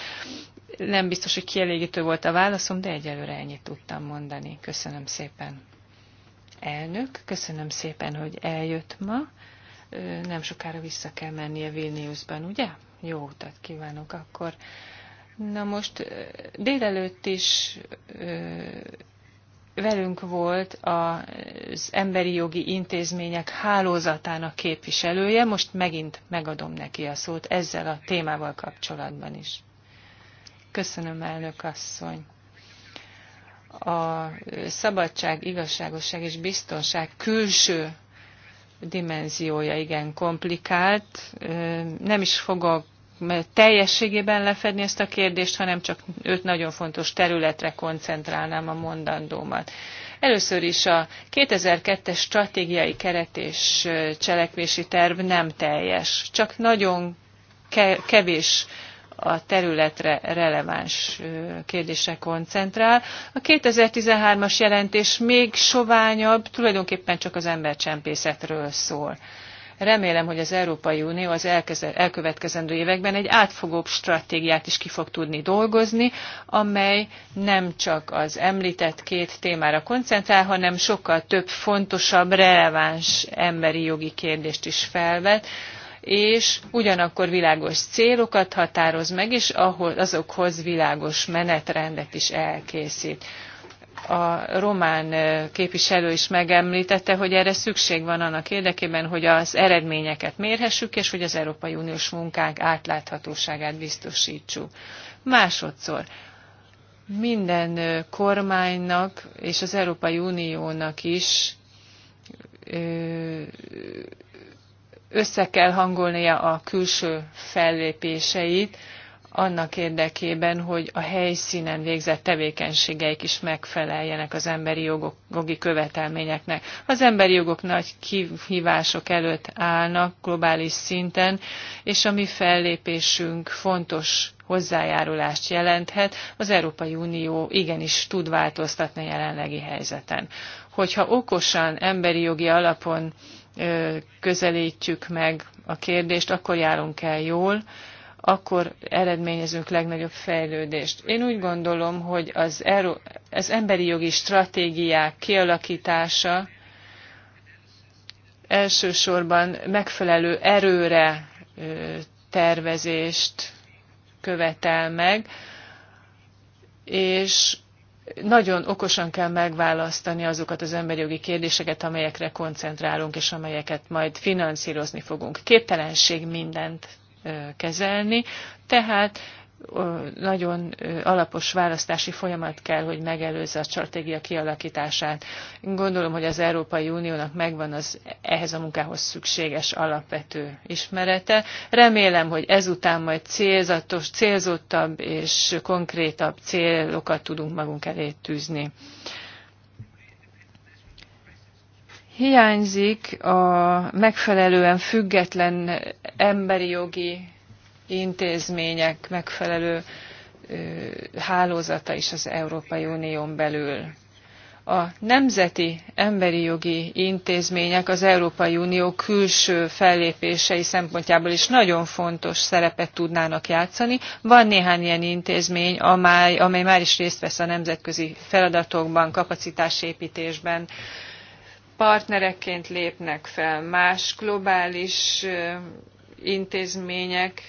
Nem biztos, hogy kielégítő volt a válaszom, de egyelőre ennyit tudtam mondani. Köszönöm szépen. Elnök, köszönöm szépen, hogy eljött ma. Nem sokára vissza kell mennie Vilniusban, ugye? Jó utat kívánok akkor. Na most délelőtt is velünk volt az emberi jogi intézmények hálózatának képviselője, most megint megadom neki a szót ezzel a témával kapcsolatban is. Köszönöm, elnök asszony! a szabadság, igazságosság és biztonság külső dimenziója igen komplikált. Nem is fogok teljességében lefedni ezt a kérdést, hanem csak öt nagyon fontos területre koncentrálnám a mondandómat. Először is a 2002-es stratégiai keret és cselekvési terv nem teljes, csak nagyon kevés a területre releváns kérdése koncentrál. A 2013-as jelentés még soványabb, tulajdonképpen csak az embercsempészetről szól. Remélem, hogy az Európai Unió az elkövetkezendő években egy átfogóbb stratégiát is ki fog tudni dolgozni, amely nem csak az említett két témára koncentrál, hanem sokkal több fontosabb, releváns emberi jogi kérdést is felvet, és ugyanakkor világos célokat határoz meg, és azokhoz világos menetrendet is elkészít a román képviselő is megemlítette, hogy erre szükség van annak érdekében, hogy az eredményeket mérhessük, és hogy az Európai Uniós munkánk átláthatóságát biztosítsuk. Másodszor, minden kormánynak és az Európai Uniónak is össze kell hangolnia a külső fellépéseit, annak érdekében, hogy a helyszínen végzett tevékenységeik is megfeleljenek az emberi jogok, jogi követelményeknek. Az emberi jogok nagy kihívások előtt állnak globális szinten, és a mi fellépésünk fontos hozzájárulást jelenthet, az Európai Unió igenis tud változtatni a jelenlegi helyzeten. Hogyha okosan, emberi jogi alapon közelítjük meg a kérdést, akkor járunk el jól, akkor eredményezünk legnagyobb fejlődést. Én úgy gondolom, hogy az, Euró- az emberi jogi stratégiák kialakítása elsősorban megfelelő erőre tervezést követel meg, és nagyon okosan kell megválasztani azokat az emberi jogi kérdéseket, amelyekre koncentrálunk, és amelyeket majd finanszírozni fogunk. Képtelenség mindent kezelni. Tehát nagyon alapos választási folyamat kell, hogy megelőzze a stratégia kialakítását. Gondolom, hogy az Európai Uniónak megvan az ehhez a munkához szükséges alapvető ismerete. Remélem, hogy ezután majd célzatos, célzottabb és konkrétabb célokat tudunk magunk elé tűzni. Hiányzik a megfelelően független emberi jogi intézmények megfelelő hálózata is az Európai Unión belül. A nemzeti emberi jogi intézmények az Európai Unió külső fellépései szempontjából is nagyon fontos szerepet tudnának játszani. Van néhány ilyen intézmény, amely, amely már is részt vesz a nemzetközi feladatokban, kapacitásépítésben, partnereként lépnek fel más globális intézmények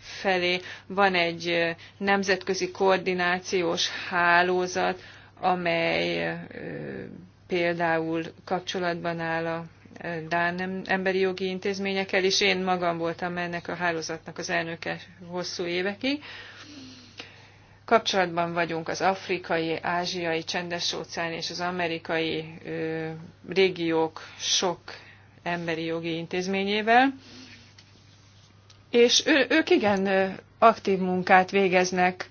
felé. Van egy nemzetközi koordinációs hálózat, amely például kapcsolatban áll a Dán emberi jogi intézményekkel, és én magam voltam ennek a hálózatnak az elnöke hosszú évekig. Kapcsolatban vagyunk az afrikai, ázsiai, csendes óceán és az amerikai ö, régiók sok emberi jogi intézményével, és ő, ők igen aktív munkát végeznek,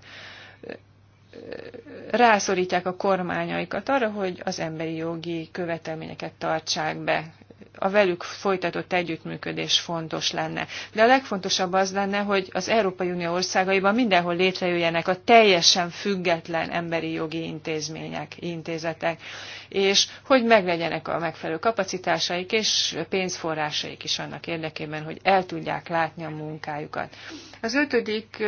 rászorítják a kormányaikat arra, hogy az emberi jogi követelményeket tartsák be a velük folytatott együttműködés fontos lenne. De a legfontosabb az lenne, hogy az Európai Unió országaiban mindenhol létrejöjjenek a teljesen független emberi jogi intézmények, intézetek, és hogy meglegyenek a megfelelő kapacitásaik és pénzforrásaik is annak érdekében, hogy el tudják látni a munkájukat. Az ötödik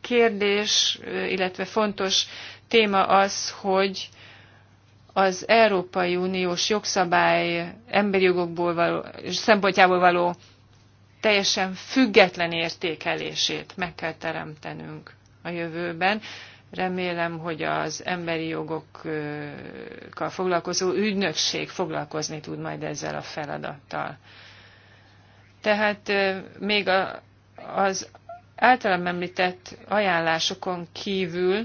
kérdés, illetve fontos téma az, hogy az Európai Uniós jogszabály emberi jogokból való, szempontjából való teljesen független értékelését meg kell teremtenünk a jövőben. Remélem, hogy az emberi jogokkal foglalkozó ügynökség foglalkozni tud majd ezzel a feladattal. Tehát még a, az általam említett ajánlásokon kívül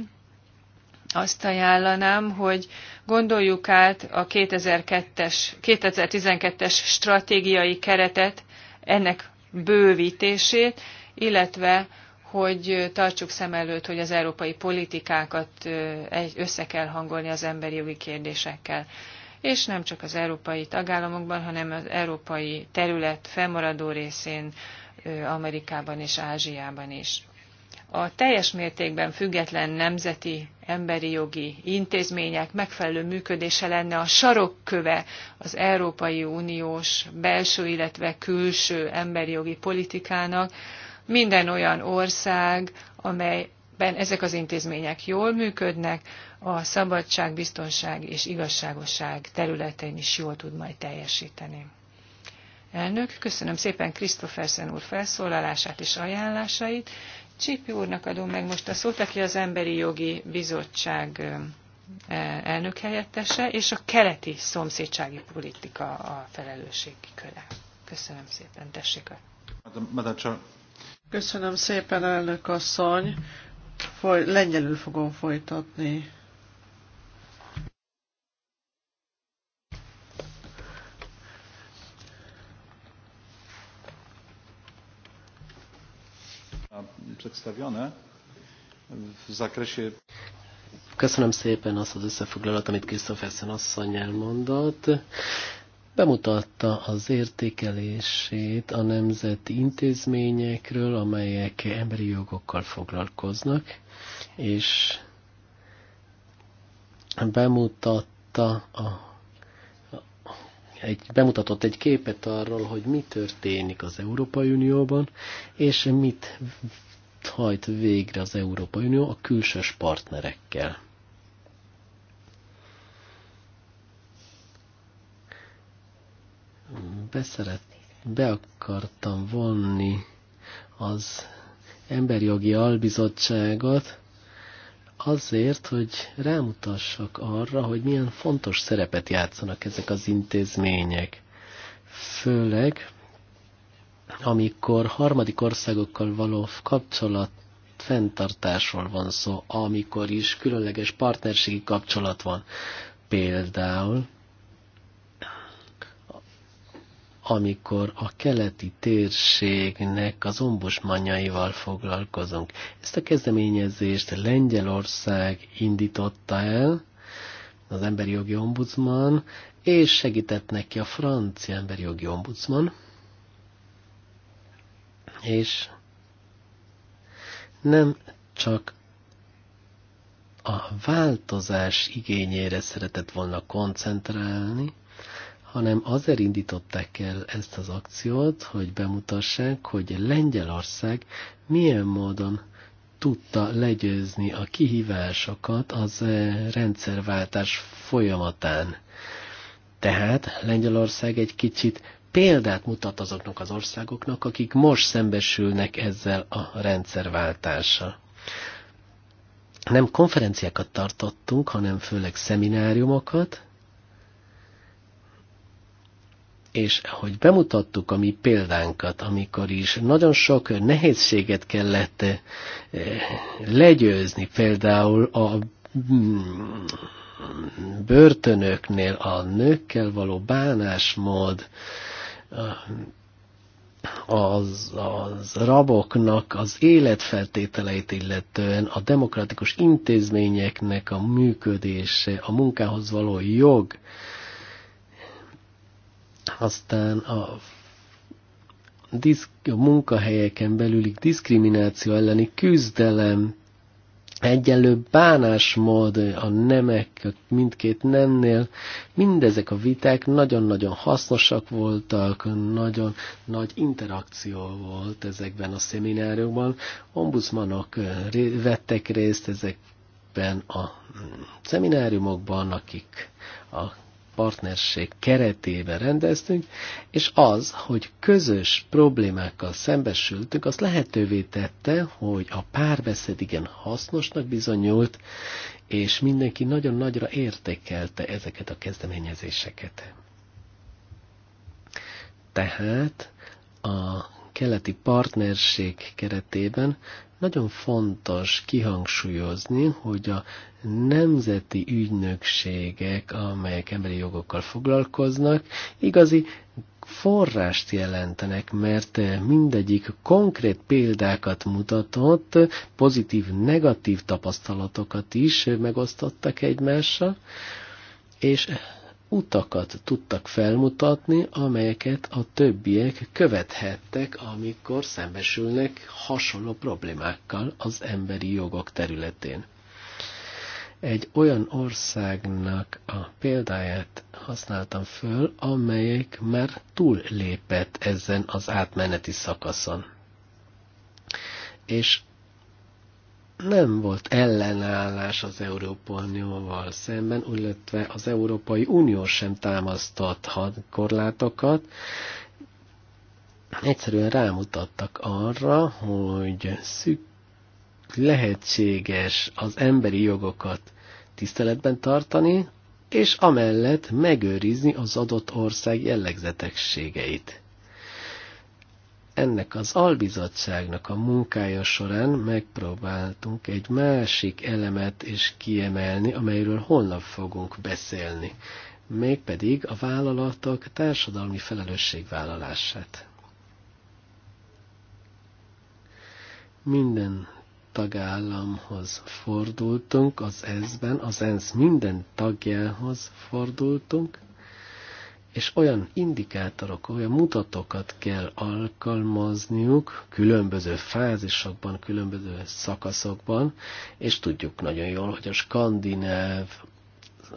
azt ajánlanám, hogy Gondoljuk át a 2002-es, 2012-es stratégiai keretet, ennek bővítését, illetve hogy tartsuk szem előtt, hogy az európai politikákat össze kell hangolni az emberi jogi kérdésekkel. És nem csak az európai tagállamokban, hanem az európai terület fennmaradó részén, Amerikában és Ázsiában is a teljes mértékben független nemzeti emberi jogi intézmények megfelelő működése lenne a sarokköve az Európai Uniós belső, illetve külső emberi jogi politikának. Minden olyan ország, amelyben ezek az intézmények jól működnek, a szabadság, biztonság és igazságosság területein is jól tud majd teljesíteni. Elnök, köszönöm szépen Krisztofersen úr felszólalását és ajánlásait. Csipi úrnak adom meg most a szót, aki az Emberi Jogi Bizottság e, elnök helyettese, és a keleti szomszédsági politika a felelősségi köre. Köszönöm szépen, tessék a... Köszönöm szépen, elnök asszony. Foly, lengyelül fogom folytatni. przedstawione w zakresie... Köszönöm szépen azt az összefoglalat, amit Krisztofeszen asszony elmondott. Bemutatta az értékelését a nemzeti intézményekről, amelyek emberi jogokkal foglalkoznak, és bemutatta a egy, bemutatott egy képet arról, hogy mi történik az Európai Unióban, és mit hajt végre az Európai Unió a külsős partnerekkel. Beszeret, be akartam vonni az emberjogi albizottságot, azért, hogy rámutassak arra, hogy milyen fontos szerepet játszanak ezek az intézmények. Főleg amikor harmadik országokkal való kapcsolat fenntartásról van szó, amikor is különleges partnerségi kapcsolat van. Például, amikor a keleti térségnek az ombusmanjaival foglalkozunk. Ezt a kezdeményezést Lengyelország indította el, az emberi jogi ombudsman, és segített neki a francia emberi jogi ombudsman, és nem csak a változás igényére szeretett volna koncentrálni, hanem azért indították el ezt az akciót, hogy bemutassák, hogy Lengyelország milyen módon tudta legyőzni a kihívásokat az eh, rendszerváltás folyamatán. Tehát Lengyelország egy kicsit példát mutat azoknak az országoknak, akik most szembesülnek ezzel a rendszerváltással. Nem konferenciákat tartottunk, hanem főleg szemináriumokat, és hogy bemutattuk a mi példánkat, amikor is nagyon sok nehézséget kellett eh, legyőzni, például a mm, börtönöknél a nőkkel való bánásmód az, az raboknak az életfeltételeit illetően, a demokratikus intézményeknek a működése, a munkához való jog, aztán a, diszk, a munkahelyeken belüli diszkrimináció elleni küzdelem egyenlő bánásmód a nemek, mindkét nemnél, mindezek a viták nagyon-nagyon hasznosak voltak, nagyon nagy interakció volt ezekben a szemináriumban. Ombudsmanok eh, vettek részt ezekben a mm, szemináriumokban, akik a partnerség keretében rendeztünk, és az, hogy közös problémákkal szembesültünk, az lehetővé tette, hogy a párbeszéd igen hasznosnak bizonyult, és mindenki nagyon nagyra értékelte ezeket a kezdeményezéseket. Tehát a keleti partnerség keretében nagyon fontos kihangsúlyozni, hogy a nemzeti ügynökségek, amelyek emberi jogokkal foglalkoznak, igazi forrást jelentenek, mert mindegyik konkrét példákat mutatott, pozitív, negatív tapasztalatokat is megosztottak egymással, és utakat tudtak felmutatni, amelyeket a többiek követhettek, amikor szembesülnek hasonló problémákkal az emberi jogok területén. Egy olyan országnak a példáját használtam föl, amelyik már túllépett ezen az átmeneti szakaszon. És nem volt ellenállás az Európai Unióval szemben, illetve az Európai Unió sem támasztathat korlátokat. Egyszerűen rámutattak arra, hogy szük lehetséges az emberi jogokat tiszteletben tartani, és amellett megőrizni az adott ország jellegzetességeit ennek az albizottságnak a munkája során megpróbáltunk egy másik elemet is kiemelni, amelyről holnap fogunk beszélni, mégpedig a vállalatok társadalmi felelősségvállalását. Minden tagállamhoz fordultunk, az ENSZ-ben, az ENSZ minden tagjához fordultunk, és olyan indikátorok, olyan mutatókat kell alkalmazniuk különböző fázisokban, különböző szakaszokban, és tudjuk nagyon jól, hogy a skandináv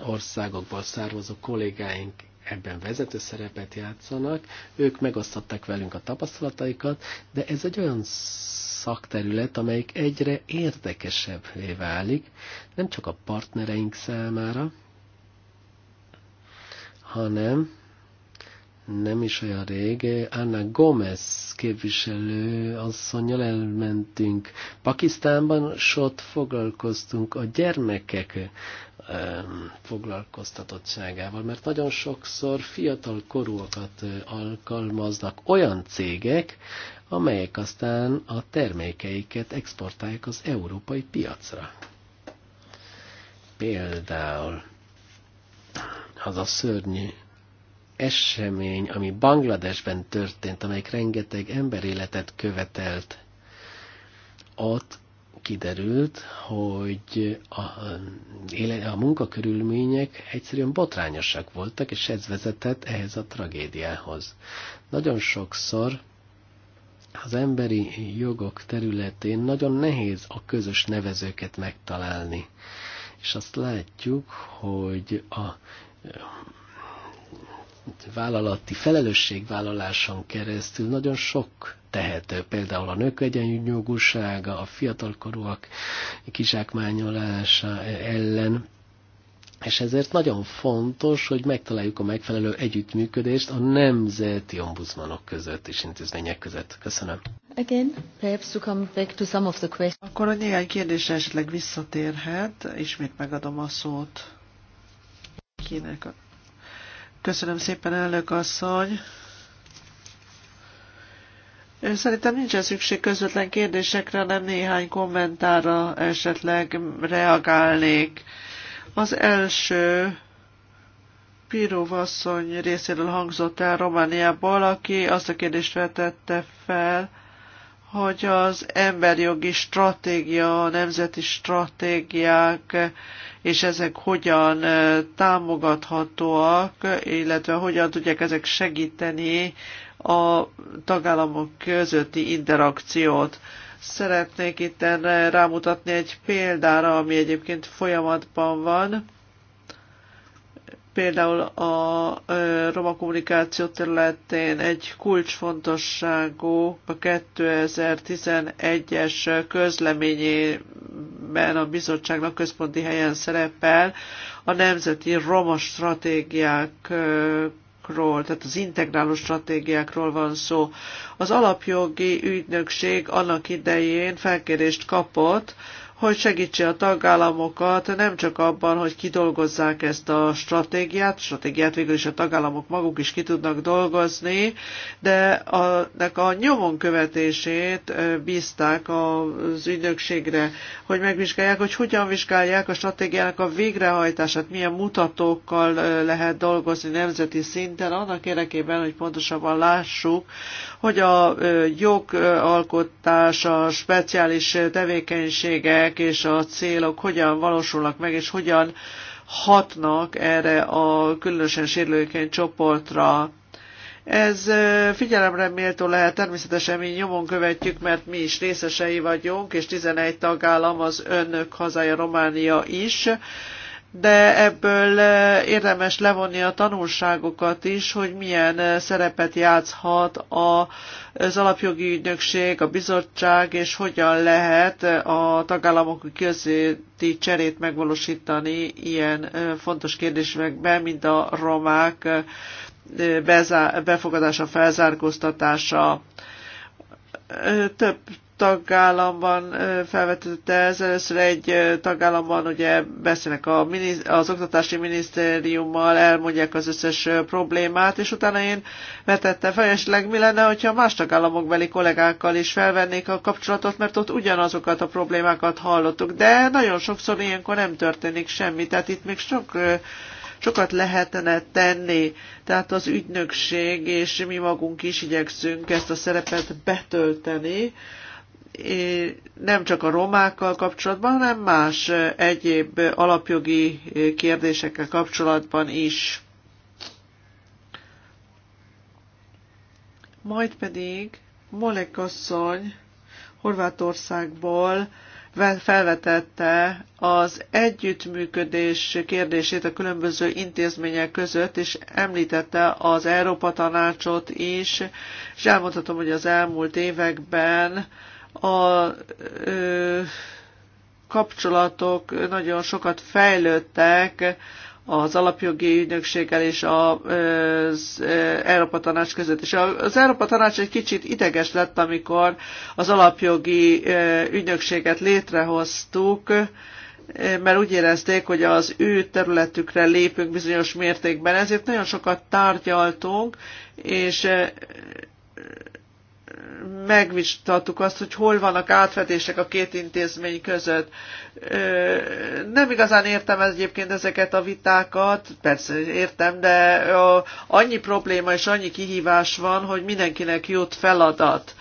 országokból származó kollégáink ebben vezető szerepet játszanak, ők megosztották velünk a tapasztalataikat, de ez egy olyan szakterület, amelyik egyre érdekesebbé válik, nem csak a partnereink számára, hanem nem is olyan rég, Anna Gomez képviselő asszonyjal elmentünk Pakisztánban, és ott foglalkoztunk a gyermekek foglalkoztatottságával, mert nagyon sokszor fiatal korúakat alkalmaznak olyan cégek, amelyek aztán a termékeiket exportálják az európai piacra. Például az a szörnyű esemény, ami Bangladesben történt, amelyik rengeteg emberéletet követelt, ott kiderült, hogy a, a, a munkakörülmények egyszerűen botrányosak voltak, és ez vezetett ehhez a tragédiához. Nagyon sokszor az emberi jogok területén nagyon nehéz a közös nevezőket megtalálni. És azt látjuk, hogy a vállalati felelősségvállaláson keresztül nagyon sok tehető. Például a nők egyenjogúsága, a fiatalkorúak kizsákmányolása ellen és ezért nagyon fontos, hogy megtaláljuk a megfelelő együttműködést a nemzeti ombudsmanok között és intézmények között. Köszönöm. Again, perhaps to come back to some of the questions. Akkor a néhány kérdésre esetleg visszatérhet, ismét megadom a szót. Kinek a... Köszönöm szépen, elnök asszony. Szerintem nincsen szükség közvetlen kérdésekre, hanem néhány kommentára esetleg reagálnék. Az első Pirov részéről hangzott el Romániából, aki azt a kérdést vetette fel, hogy az emberjogi stratégia, a nemzeti stratégiák, és ezek hogyan támogathatóak, illetve hogyan tudják ezek segíteni a tagállamok közötti interakciót. Szeretnék itt rámutatni egy példára, ami egyébként folyamatban van például a roma kommunikáció területén egy kulcsfontosságú a 2011-es közleményében a bizottságnak központi helyen szerepel a nemzeti roma stratégiák ról tehát az integráló stratégiákról van szó. Az alapjogi ügynökség annak idején felkérést kapott, hogy segítse a tagállamokat nem csak abban, hogy kidolgozzák ezt a stratégiát, stratégiát végül is a tagállamok maguk is ki tudnak dolgozni, de a, nek a nyomon követését bízták az ügynökségre, hogy megvizsgálják, hogy hogyan vizsgálják a stratégiának a végrehajtását, milyen mutatókkal lehet dolgozni nemzeti szinten, annak érdekében, hogy pontosabban lássuk, hogy a jogalkotás, a speciális tevékenysége tervek és a célok hogyan valósulnak meg, és hogyan hatnak erre a különösen sérülékeny csoportra. Ez figyelemre méltó lehet, természetesen mi nyomon követjük, mert mi is részesei vagyunk, és 11 tagállam az önök hazája Románia is de ebből érdemes levonni a tanulságokat is, hogy milyen szerepet játszhat az alapjogi ügynökség, a bizottság, és hogyan lehet a tagállamok közötti cserét megvalósítani ilyen fontos kérdésekben, mint a romák befogadása, felzárkóztatása több tagállamban felvetette ez. Először egy tagállamban ugye beszélnek a, az oktatási minisztériummal, elmondják az összes problémát, és utána én vetette fel, és mi lenne, hogyha más tagállamokbeli kollégákkal is felvennék a kapcsolatot, mert ott ugyanazokat a problémákat hallottuk, de nagyon sokszor ilyenkor nem történik semmi, tehát itt még sok sokat lehetne tenni. Tehát az ügynökség és mi magunk is igyekszünk ezt a szerepet betölteni, nem csak a romákkal kapcsolatban, hanem más e, egyéb alapjogi e, kérdésekkel kapcsolatban is. Majd pedig Molek asszony Horvátországból felvetette az együttműködés kérdését a különböző intézmények között, és említette az Európa Tanácsot is, és elmondhatom, hogy az elmúlt években a ö, kapcsolatok nagyon sokat fejlődtek az alapjogi ügynökséggel és az Európa Tanács között. És az Európa Tanács egy kicsit ideges lett, amikor az alapjogi ügynökséget létrehoztuk, mert úgy érezték, hogy az ő területükre lépünk bizonyos mértékben, ezért nagyon sokat tárgyaltunk, és megvistattuk azt, hogy hol vannak átfedések a két intézmény között. Nem igazán értem egyébként ezeket a vitákat, persze értem, de annyi probléma és annyi kihívás van, hogy mindenkinek jut feladat.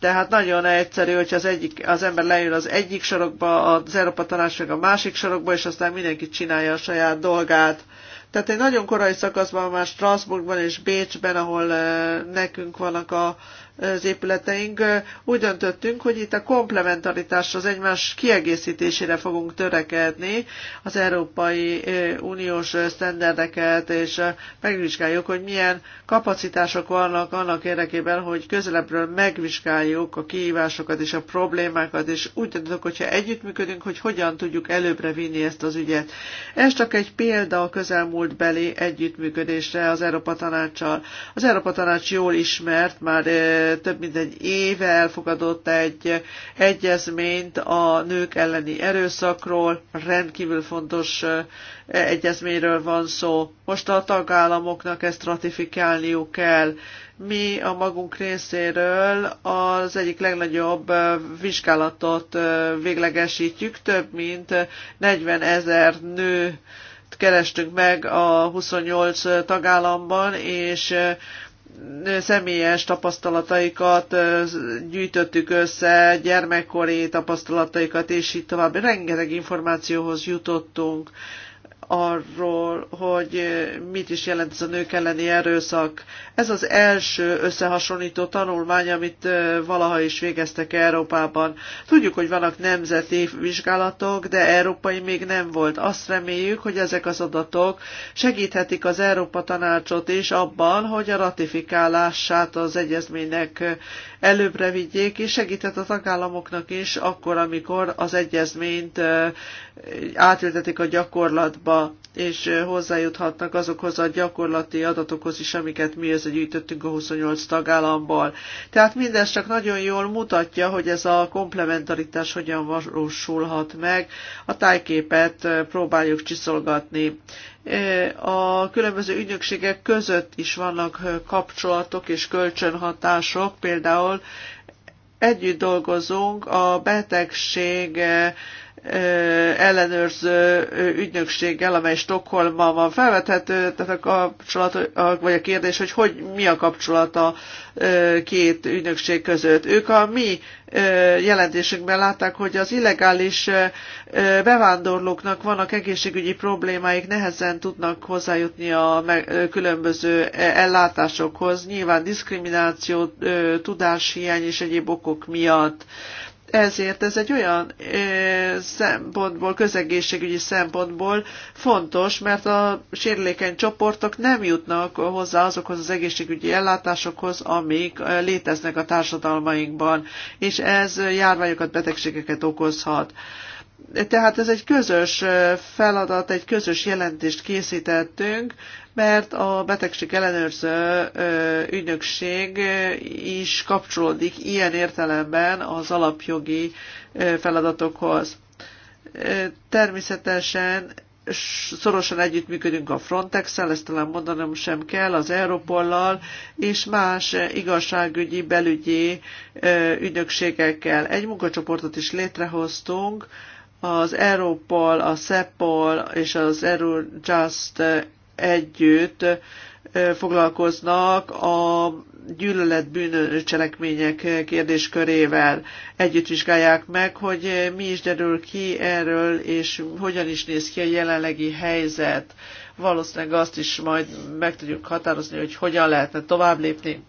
Tehát nagyon egyszerű, hogy az, egyik, az ember leül az egyik sorokba, az Európa Tanács meg a másik sorokba, és aztán mindenki csinálja a saját dolgát. Tehát egy nagyon korai szakaszban már Strasbourgban és Bécsben, ahol nekünk vannak a az épületeink, úgy döntöttünk, hogy itt a komplementaritás az egymás kiegészítésére fogunk törekedni, az Európai Uniós sztenderdeket, és megvizsgáljuk, hogy milyen kapacitások vannak annak érdekében, hogy közelebbről megvizsgáljuk a kihívásokat és a problémákat, és úgy döntök, hogyha együttműködünk, hogy hogyan tudjuk előbbre vinni ezt az ügyet. Ez csak egy példa a közelmúltbeli együttműködésre az Európa Tanácssal. Az Európa Tanács jól ismert, már több mint egy éve elfogadott egy egyezményt a nők elleni erőszakról, rendkívül fontos egyezményről van szó. Most a tagállamoknak ezt ratifikálniuk kell. Mi a magunk részéről az egyik legnagyobb vizsgálatot véglegesítjük, több mint 40 ezer nő kerestünk meg a 28 tagállamban, és személyes tapasztalataikat gyűjtöttük össze, gyermekkori tapasztalataikat, és így tovább. Rengeteg információhoz jutottunk arról, hogy mit is jelent ez a nők elleni erőszak. Ez az első összehasonlító tanulmány, amit valaha is végeztek Európában. Tudjuk, hogy vannak nemzeti vizsgálatok, de európai még nem volt. Azt reméljük, hogy ezek az adatok segíthetik az Európa Tanácsot is abban, hogy a ratifikálását az egyezménynek előbbre vigyék, és segíthet a tagállamoknak is akkor, amikor az egyezményt átültetik a gyakorlatba, és hozzájuthatnak azokhoz a gyakorlati adatokhoz is, amiket mi összegyűjtöttünk a 28 tagállamból. Tehát mindez csak nagyon jól mutatja, hogy ez a komplementaritás hogyan valósulhat meg. A tájképet próbáljuk csiszolgatni. A különböző ügynökségek között is vannak kapcsolatok és kölcsönhatások, például együtt dolgozunk a betegség ellenőrző ügynökséggel, amely Stockholmban van felvethető, tehát a kapcsolat, vagy a kérdés, hogy, hogy mi a kapcsolata két ügynökség között. Ők a mi jelentésünkben látták, hogy az illegális bevándorlóknak vannak egészségügyi problémáik, nehezen tudnak hozzájutni a különböző ellátásokhoz, nyilván diszkrimináció, tudáshiány és egyéb okok miatt ezért ez egy olyan szempontból, közegészségügyi szempontból fontos, mert a sérülékeny csoportok nem jutnak hozzá azokhoz az egészségügyi ellátásokhoz, amik léteznek a társadalmainkban, és ez járványokat, betegségeket okozhat. Tehát ez egy közös feladat, egy közös jelentést készítettünk, mert a betegség ellenőrző ügynökség is kapcsolódik ilyen értelemben az alapjogi feladatokhoz. Természetesen szorosan együttműködünk a Frontex-el, ezt talán mondanom sem kell, az Europollal és más igazságügyi, belügyi ügynökségekkel. Egy munkacsoportot is létrehoztunk, az Europol, a CEPOL és az Eurojust együtt foglalkoznak a gyűlölet bűncselekmények kérdéskörével. Együtt vizsgálják meg, hogy mi is derül ki erről, és hogyan is néz ki a jelenlegi helyzet. Valószínűleg azt is majd meg tudjuk határozni, hogy hogyan lehetne tovább lépni.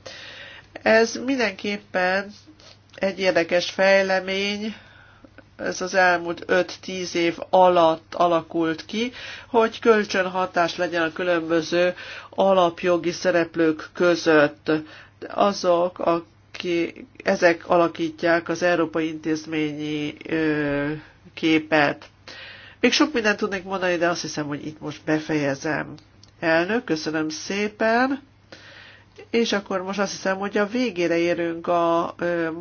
Ez mindenképpen egy érdekes fejlemény, ez az elmúlt 5-10 év alatt alakult ki, hogy kölcsönhatás legyen a különböző alapjogi szereplők között. Azok, akik ezek alakítják az európai intézményi ö, képet. Még sok mindent tudnék mondani, de azt hiszem, hogy itt most befejezem. Elnök, köszönöm szépen. És akkor most azt hiszem, hogy a végére érünk a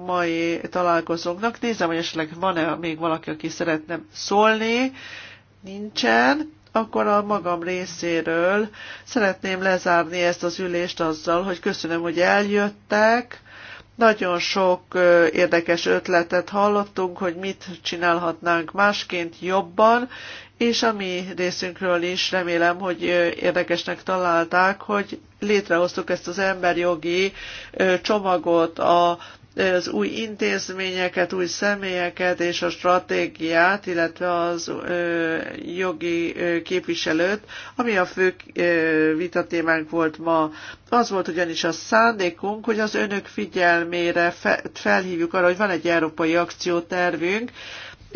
mai találkozónknak. Nézem, hogy esetleg van-e még valaki, aki szeretne szólni. Nincsen. Akkor a magam részéről szeretném lezárni ezt az ülést azzal, hogy köszönöm, hogy eljöttek. Nagyon sok érdekes ötletet hallottunk, hogy mit csinálhatnánk másként jobban, és a mi részünkről is remélem, hogy érdekesnek találták, hogy létrehoztuk ezt az emberjogi csomagot, a, az új intézményeket, új személyeket és a stratégiát, illetve az jogi képviselőt, ami a fő vitatémánk volt ma. Az volt ugyanis a szándékunk, hogy az önök figyelmére felhívjuk arra, hogy van egy európai akciótervünk,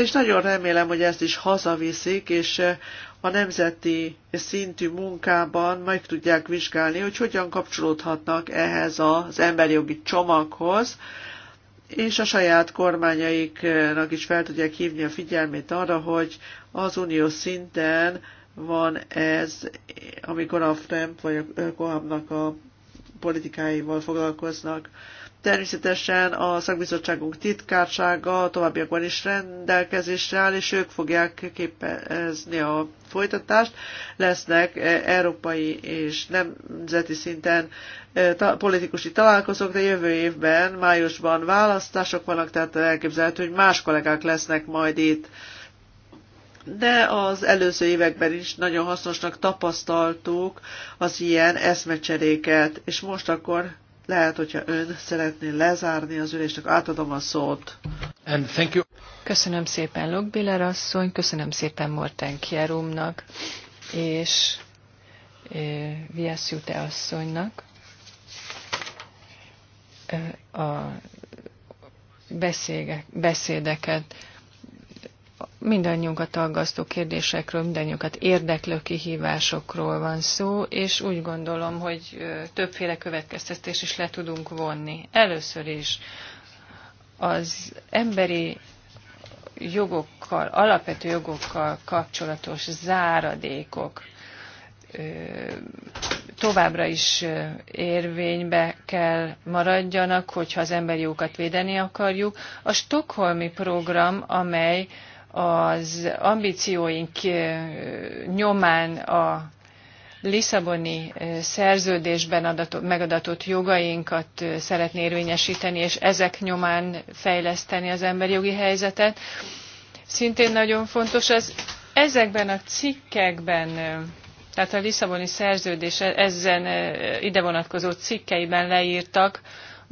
és nagyon remélem, hogy ezt is hazaviszik, és eh, a nemzeti szintű munkában meg tudják vizsgálni, hogy hogyan kapcsolódhatnak ehhez az emberjogi csomaghoz, és a saját kormányaiknak is fel tudják hívni a figyelmét arra, hogy az unió szinten van ez, amikor a FREMP vagy a Kohamnak a politikáival foglalkoznak. Természetesen a szakbizottságunk titkársága továbbiakban is rendelkezésre áll, és ők fogják képezni a folytatást. Lesznek eh, európai és nemzeti szinten eh, politikusi találkozók, de jövő évben, májusban választások vannak, tehát elképzelhető, hogy más kollégák lesznek majd itt. De az előző években is nagyon hasznosnak tapasztaltuk az ilyen eszmecseréket, és most akkor lehet, hogyha ön szeretné lezárni az akkor átadom a szót. And thank you. Köszönöm szépen Lokbiller asszony, köszönöm szépen Morten Kierumnak, és eh, Viász Jute asszonynak eh, a beszédeket mindannyiunkat aggasztó kérdésekről, mindannyiunkat érdeklő kihívásokról van szó, és úgy gondolom, hogy többféle következtetés is le tudunk vonni. Először is az emberi jogokkal, alapvető jogokkal kapcsolatos záradékok továbbra is érvénybe kell maradjanak, hogyha az emberi jókat védeni akarjuk. A Stockholmi program, amely az ambícióink nyomán a Lisszaboni szerződésben adatot, megadatott jogainkat szeretné érvényesíteni, és ezek nyomán fejleszteni az emberi jogi helyzetet. Szintén nagyon fontos az ezekben a cikkekben, tehát a Lisszaboni szerződés e-, ezen ide vonatkozó cikkeiben leírtak,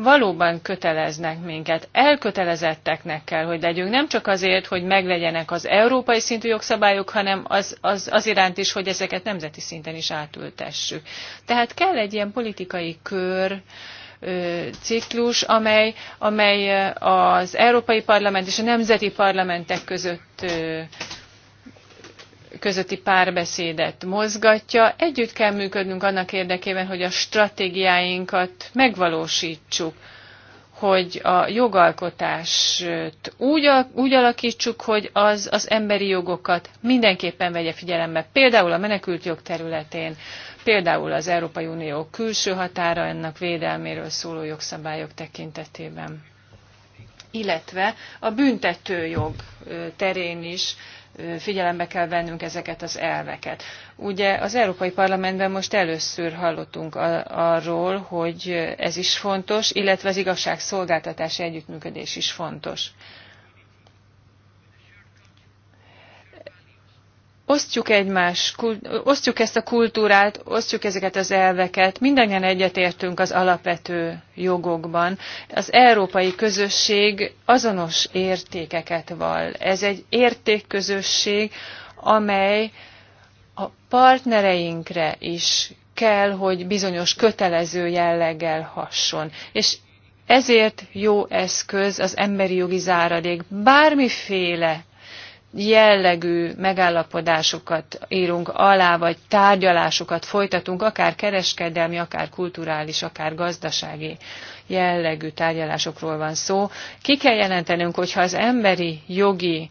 valóban köteleznek minket. Elkötelezetteknek kell, hogy legyünk, nem csak azért, hogy meglegyenek az európai szintű jogszabályok, hanem az, az, az iránt is, hogy ezeket nemzeti szinten is átültessük. Tehát kell egy ilyen politikai kör, ciklus, amely, amely az Európai Parlament és a Nemzeti Parlamentek között közötti párbeszédet mozgatja. Együtt kell működnünk annak érdekében, hogy a stratégiáinkat megvalósítsuk, hogy a jogalkotást úgy, úgy alakítsuk, hogy az az emberi jogokat mindenképpen vegye figyelembe, például a menekült jog területén, például az Európai Unió külső határa ennek védelméről szóló jogszabályok tekintetében illetve a büntetőjog terén is figyelembe kell vennünk ezeket az elveket. Ugye az Európai Parlamentben most először hallottunk arról, hogy ez is fontos, illetve az igazságszolgáltatási együttműködés is fontos. osztjuk egymás, osztjuk ezt a kultúrát, osztjuk ezeket az elveket, mindannyian egyetértünk az alapvető jogokban. Az európai közösség azonos értékeket val. Ez egy értékközösség, amely a partnereinkre is kell, hogy bizonyos kötelező jelleggel hasson. És ezért jó eszköz az emberi jogi záradék. Bármiféle jellegű megállapodásokat írunk alá, vagy tárgyalásokat folytatunk, akár kereskedelmi, akár kulturális, akár gazdasági jellegű tárgyalásokról van szó. Ki kell jelentenünk, hogyha az emberi jogi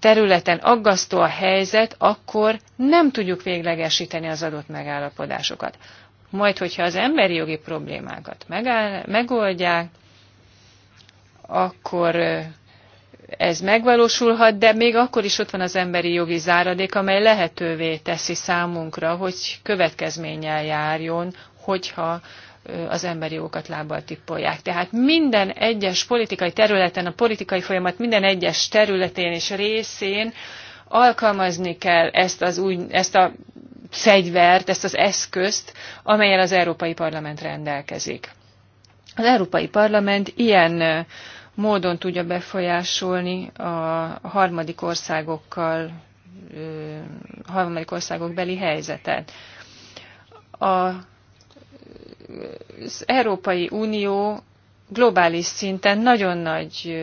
területen aggasztó a helyzet, akkor nem tudjuk véglegesíteni az adott megállapodásokat. Majd, hogyha az emberi jogi problémákat megoldják, akkor ez megvalósulhat, de még akkor is ott van az emberi jogi záradék, amely lehetővé teszi számunkra, hogy következménnyel járjon, hogyha az emberi jogokat lábbal tippolják. Tehát minden egyes politikai területen, a politikai folyamat minden egyes területén és részén alkalmazni kell ezt, az úgy, ezt a fegyvert, ezt az eszközt, amelyen az Európai Parlament rendelkezik. Az Európai Parlament ilyen módon tudja befolyásolni a harmadik országokkal, a harmadik országok beli helyzetet. A az Európai Unió globális szinten nagyon nagy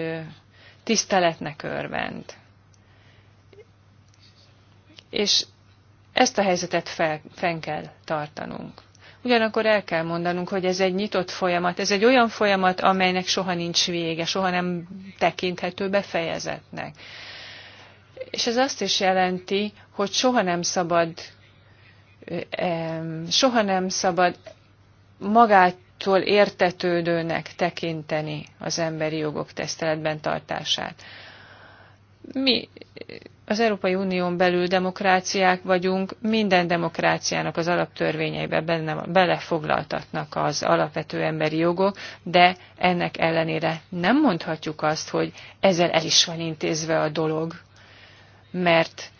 tiszteletnek örvend. És ezt a helyzetet fel, fenn kell tartanunk. Ugyanakkor el kell mondanunk, hogy ez egy nyitott folyamat, ez egy olyan folyamat, amelynek soha nincs vége, soha nem tekinthető befejezetnek. És ez azt is jelenti, hogy soha nem szabad, soha nem szabad magától értetődőnek tekinteni az emberi jogok teszteletben tartását mi az Európai Unión belül demokráciák vagyunk, minden demokráciának az alaptörvényeibe benne, belefoglaltatnak az alapvető emberi jogok, de ennek ellenére nem mondhatjuk azt, hogy ezzel el is van intézve a dolog, mert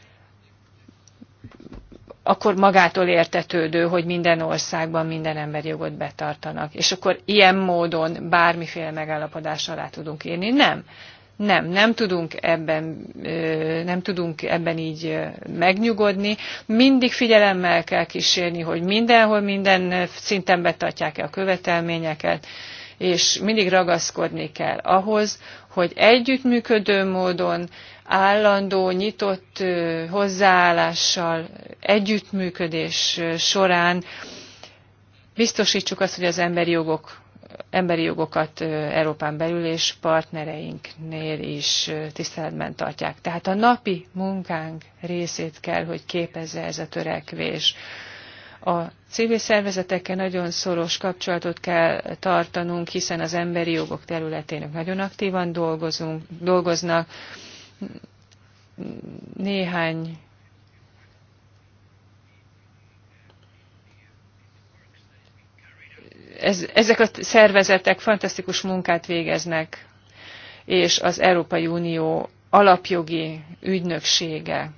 akkor magától értetődő, hogy minden országban minden emberi jogot betartanak. És akkor ilyen módon bármiféle megállapodás alá tudunk írni. Nem. Nem, nem tudunk ebben, nem tudunk ebben így megnyugodni. Mindig figyelemmel kell kísérni, hogy mindenhol, minden szinten betartják-e a követelményeket, és mindig ragaszkodni kell ahhoz, hogy együttműködő módon, állandó, nyitott hozzáállással, együttműködés során biztosítsuk azt, hogy az emberi jogok emberi jogokat Európán belül és partnereinknél is tiszteletben tartják. Tehát a napi munkánk részét kell, hogy képezze ez a törekvés. A civil szervezetekkel nagyon szoros kapcsolatot kell tartanunk, hiszen az emberi jogok területének nagyon aktívan dolgozunk, dolgoznak. Néhány ez, ezek a szervezetek fantasztikus munkát végeznek, és az Európai Unió alapjogi ügynöksége,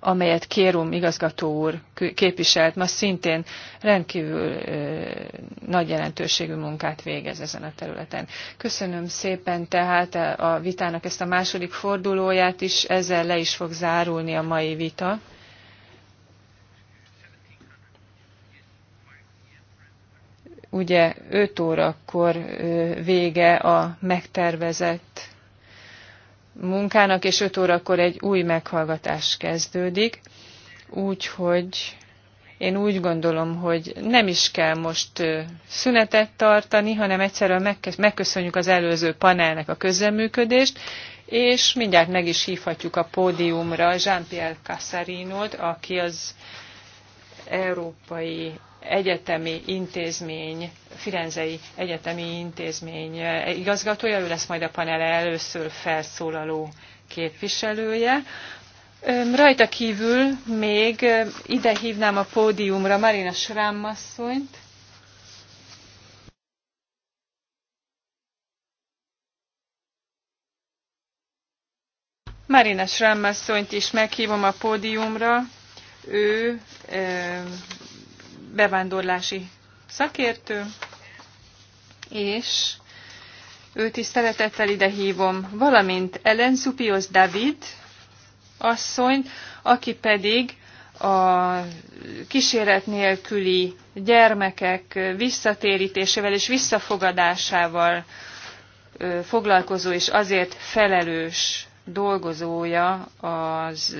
amelyet Kérum igazgató úr képviselt, ma szintén rendkívül ö, nagy jelentőségű munkát végez ezen a területen. Köszönöm szépen tehát a vitának ezt a második fordulóját is, ezzel le is fog zárulni a mai vita. ugye 5 órakor vége a megtervezett munkának, és 5 órakor egy új meghallgatás kezdődik. Úgyhogy én úgy gondolom, hogy nem is kell most szünetet tartani, hanem egyszerűen megköszönjük az előző panelnek a közreműködést, és mindjárt meg is hívhatjuk a pódiumra Jean-Pierre Cassarinot, aki az Európai egyetemi intézmény, Firenzei Egyetemi Intézmény igazgatója, ő lesz majd a panel először felszólaló képviselője. Rajta kívül még ide hívnám a pódiumra Marina Srámasszonyt, Marina Srammasszonyt is meghívom a pódiumra. Ő bevándorlási szakértő, és őt is szeretettel ide hívom, valamint Ellen Supios David asszony, aki pedig a kíséret nélküli gyermekek visszatérítésével és visszafogadásával foglalkozó és azért felelős dolgozója az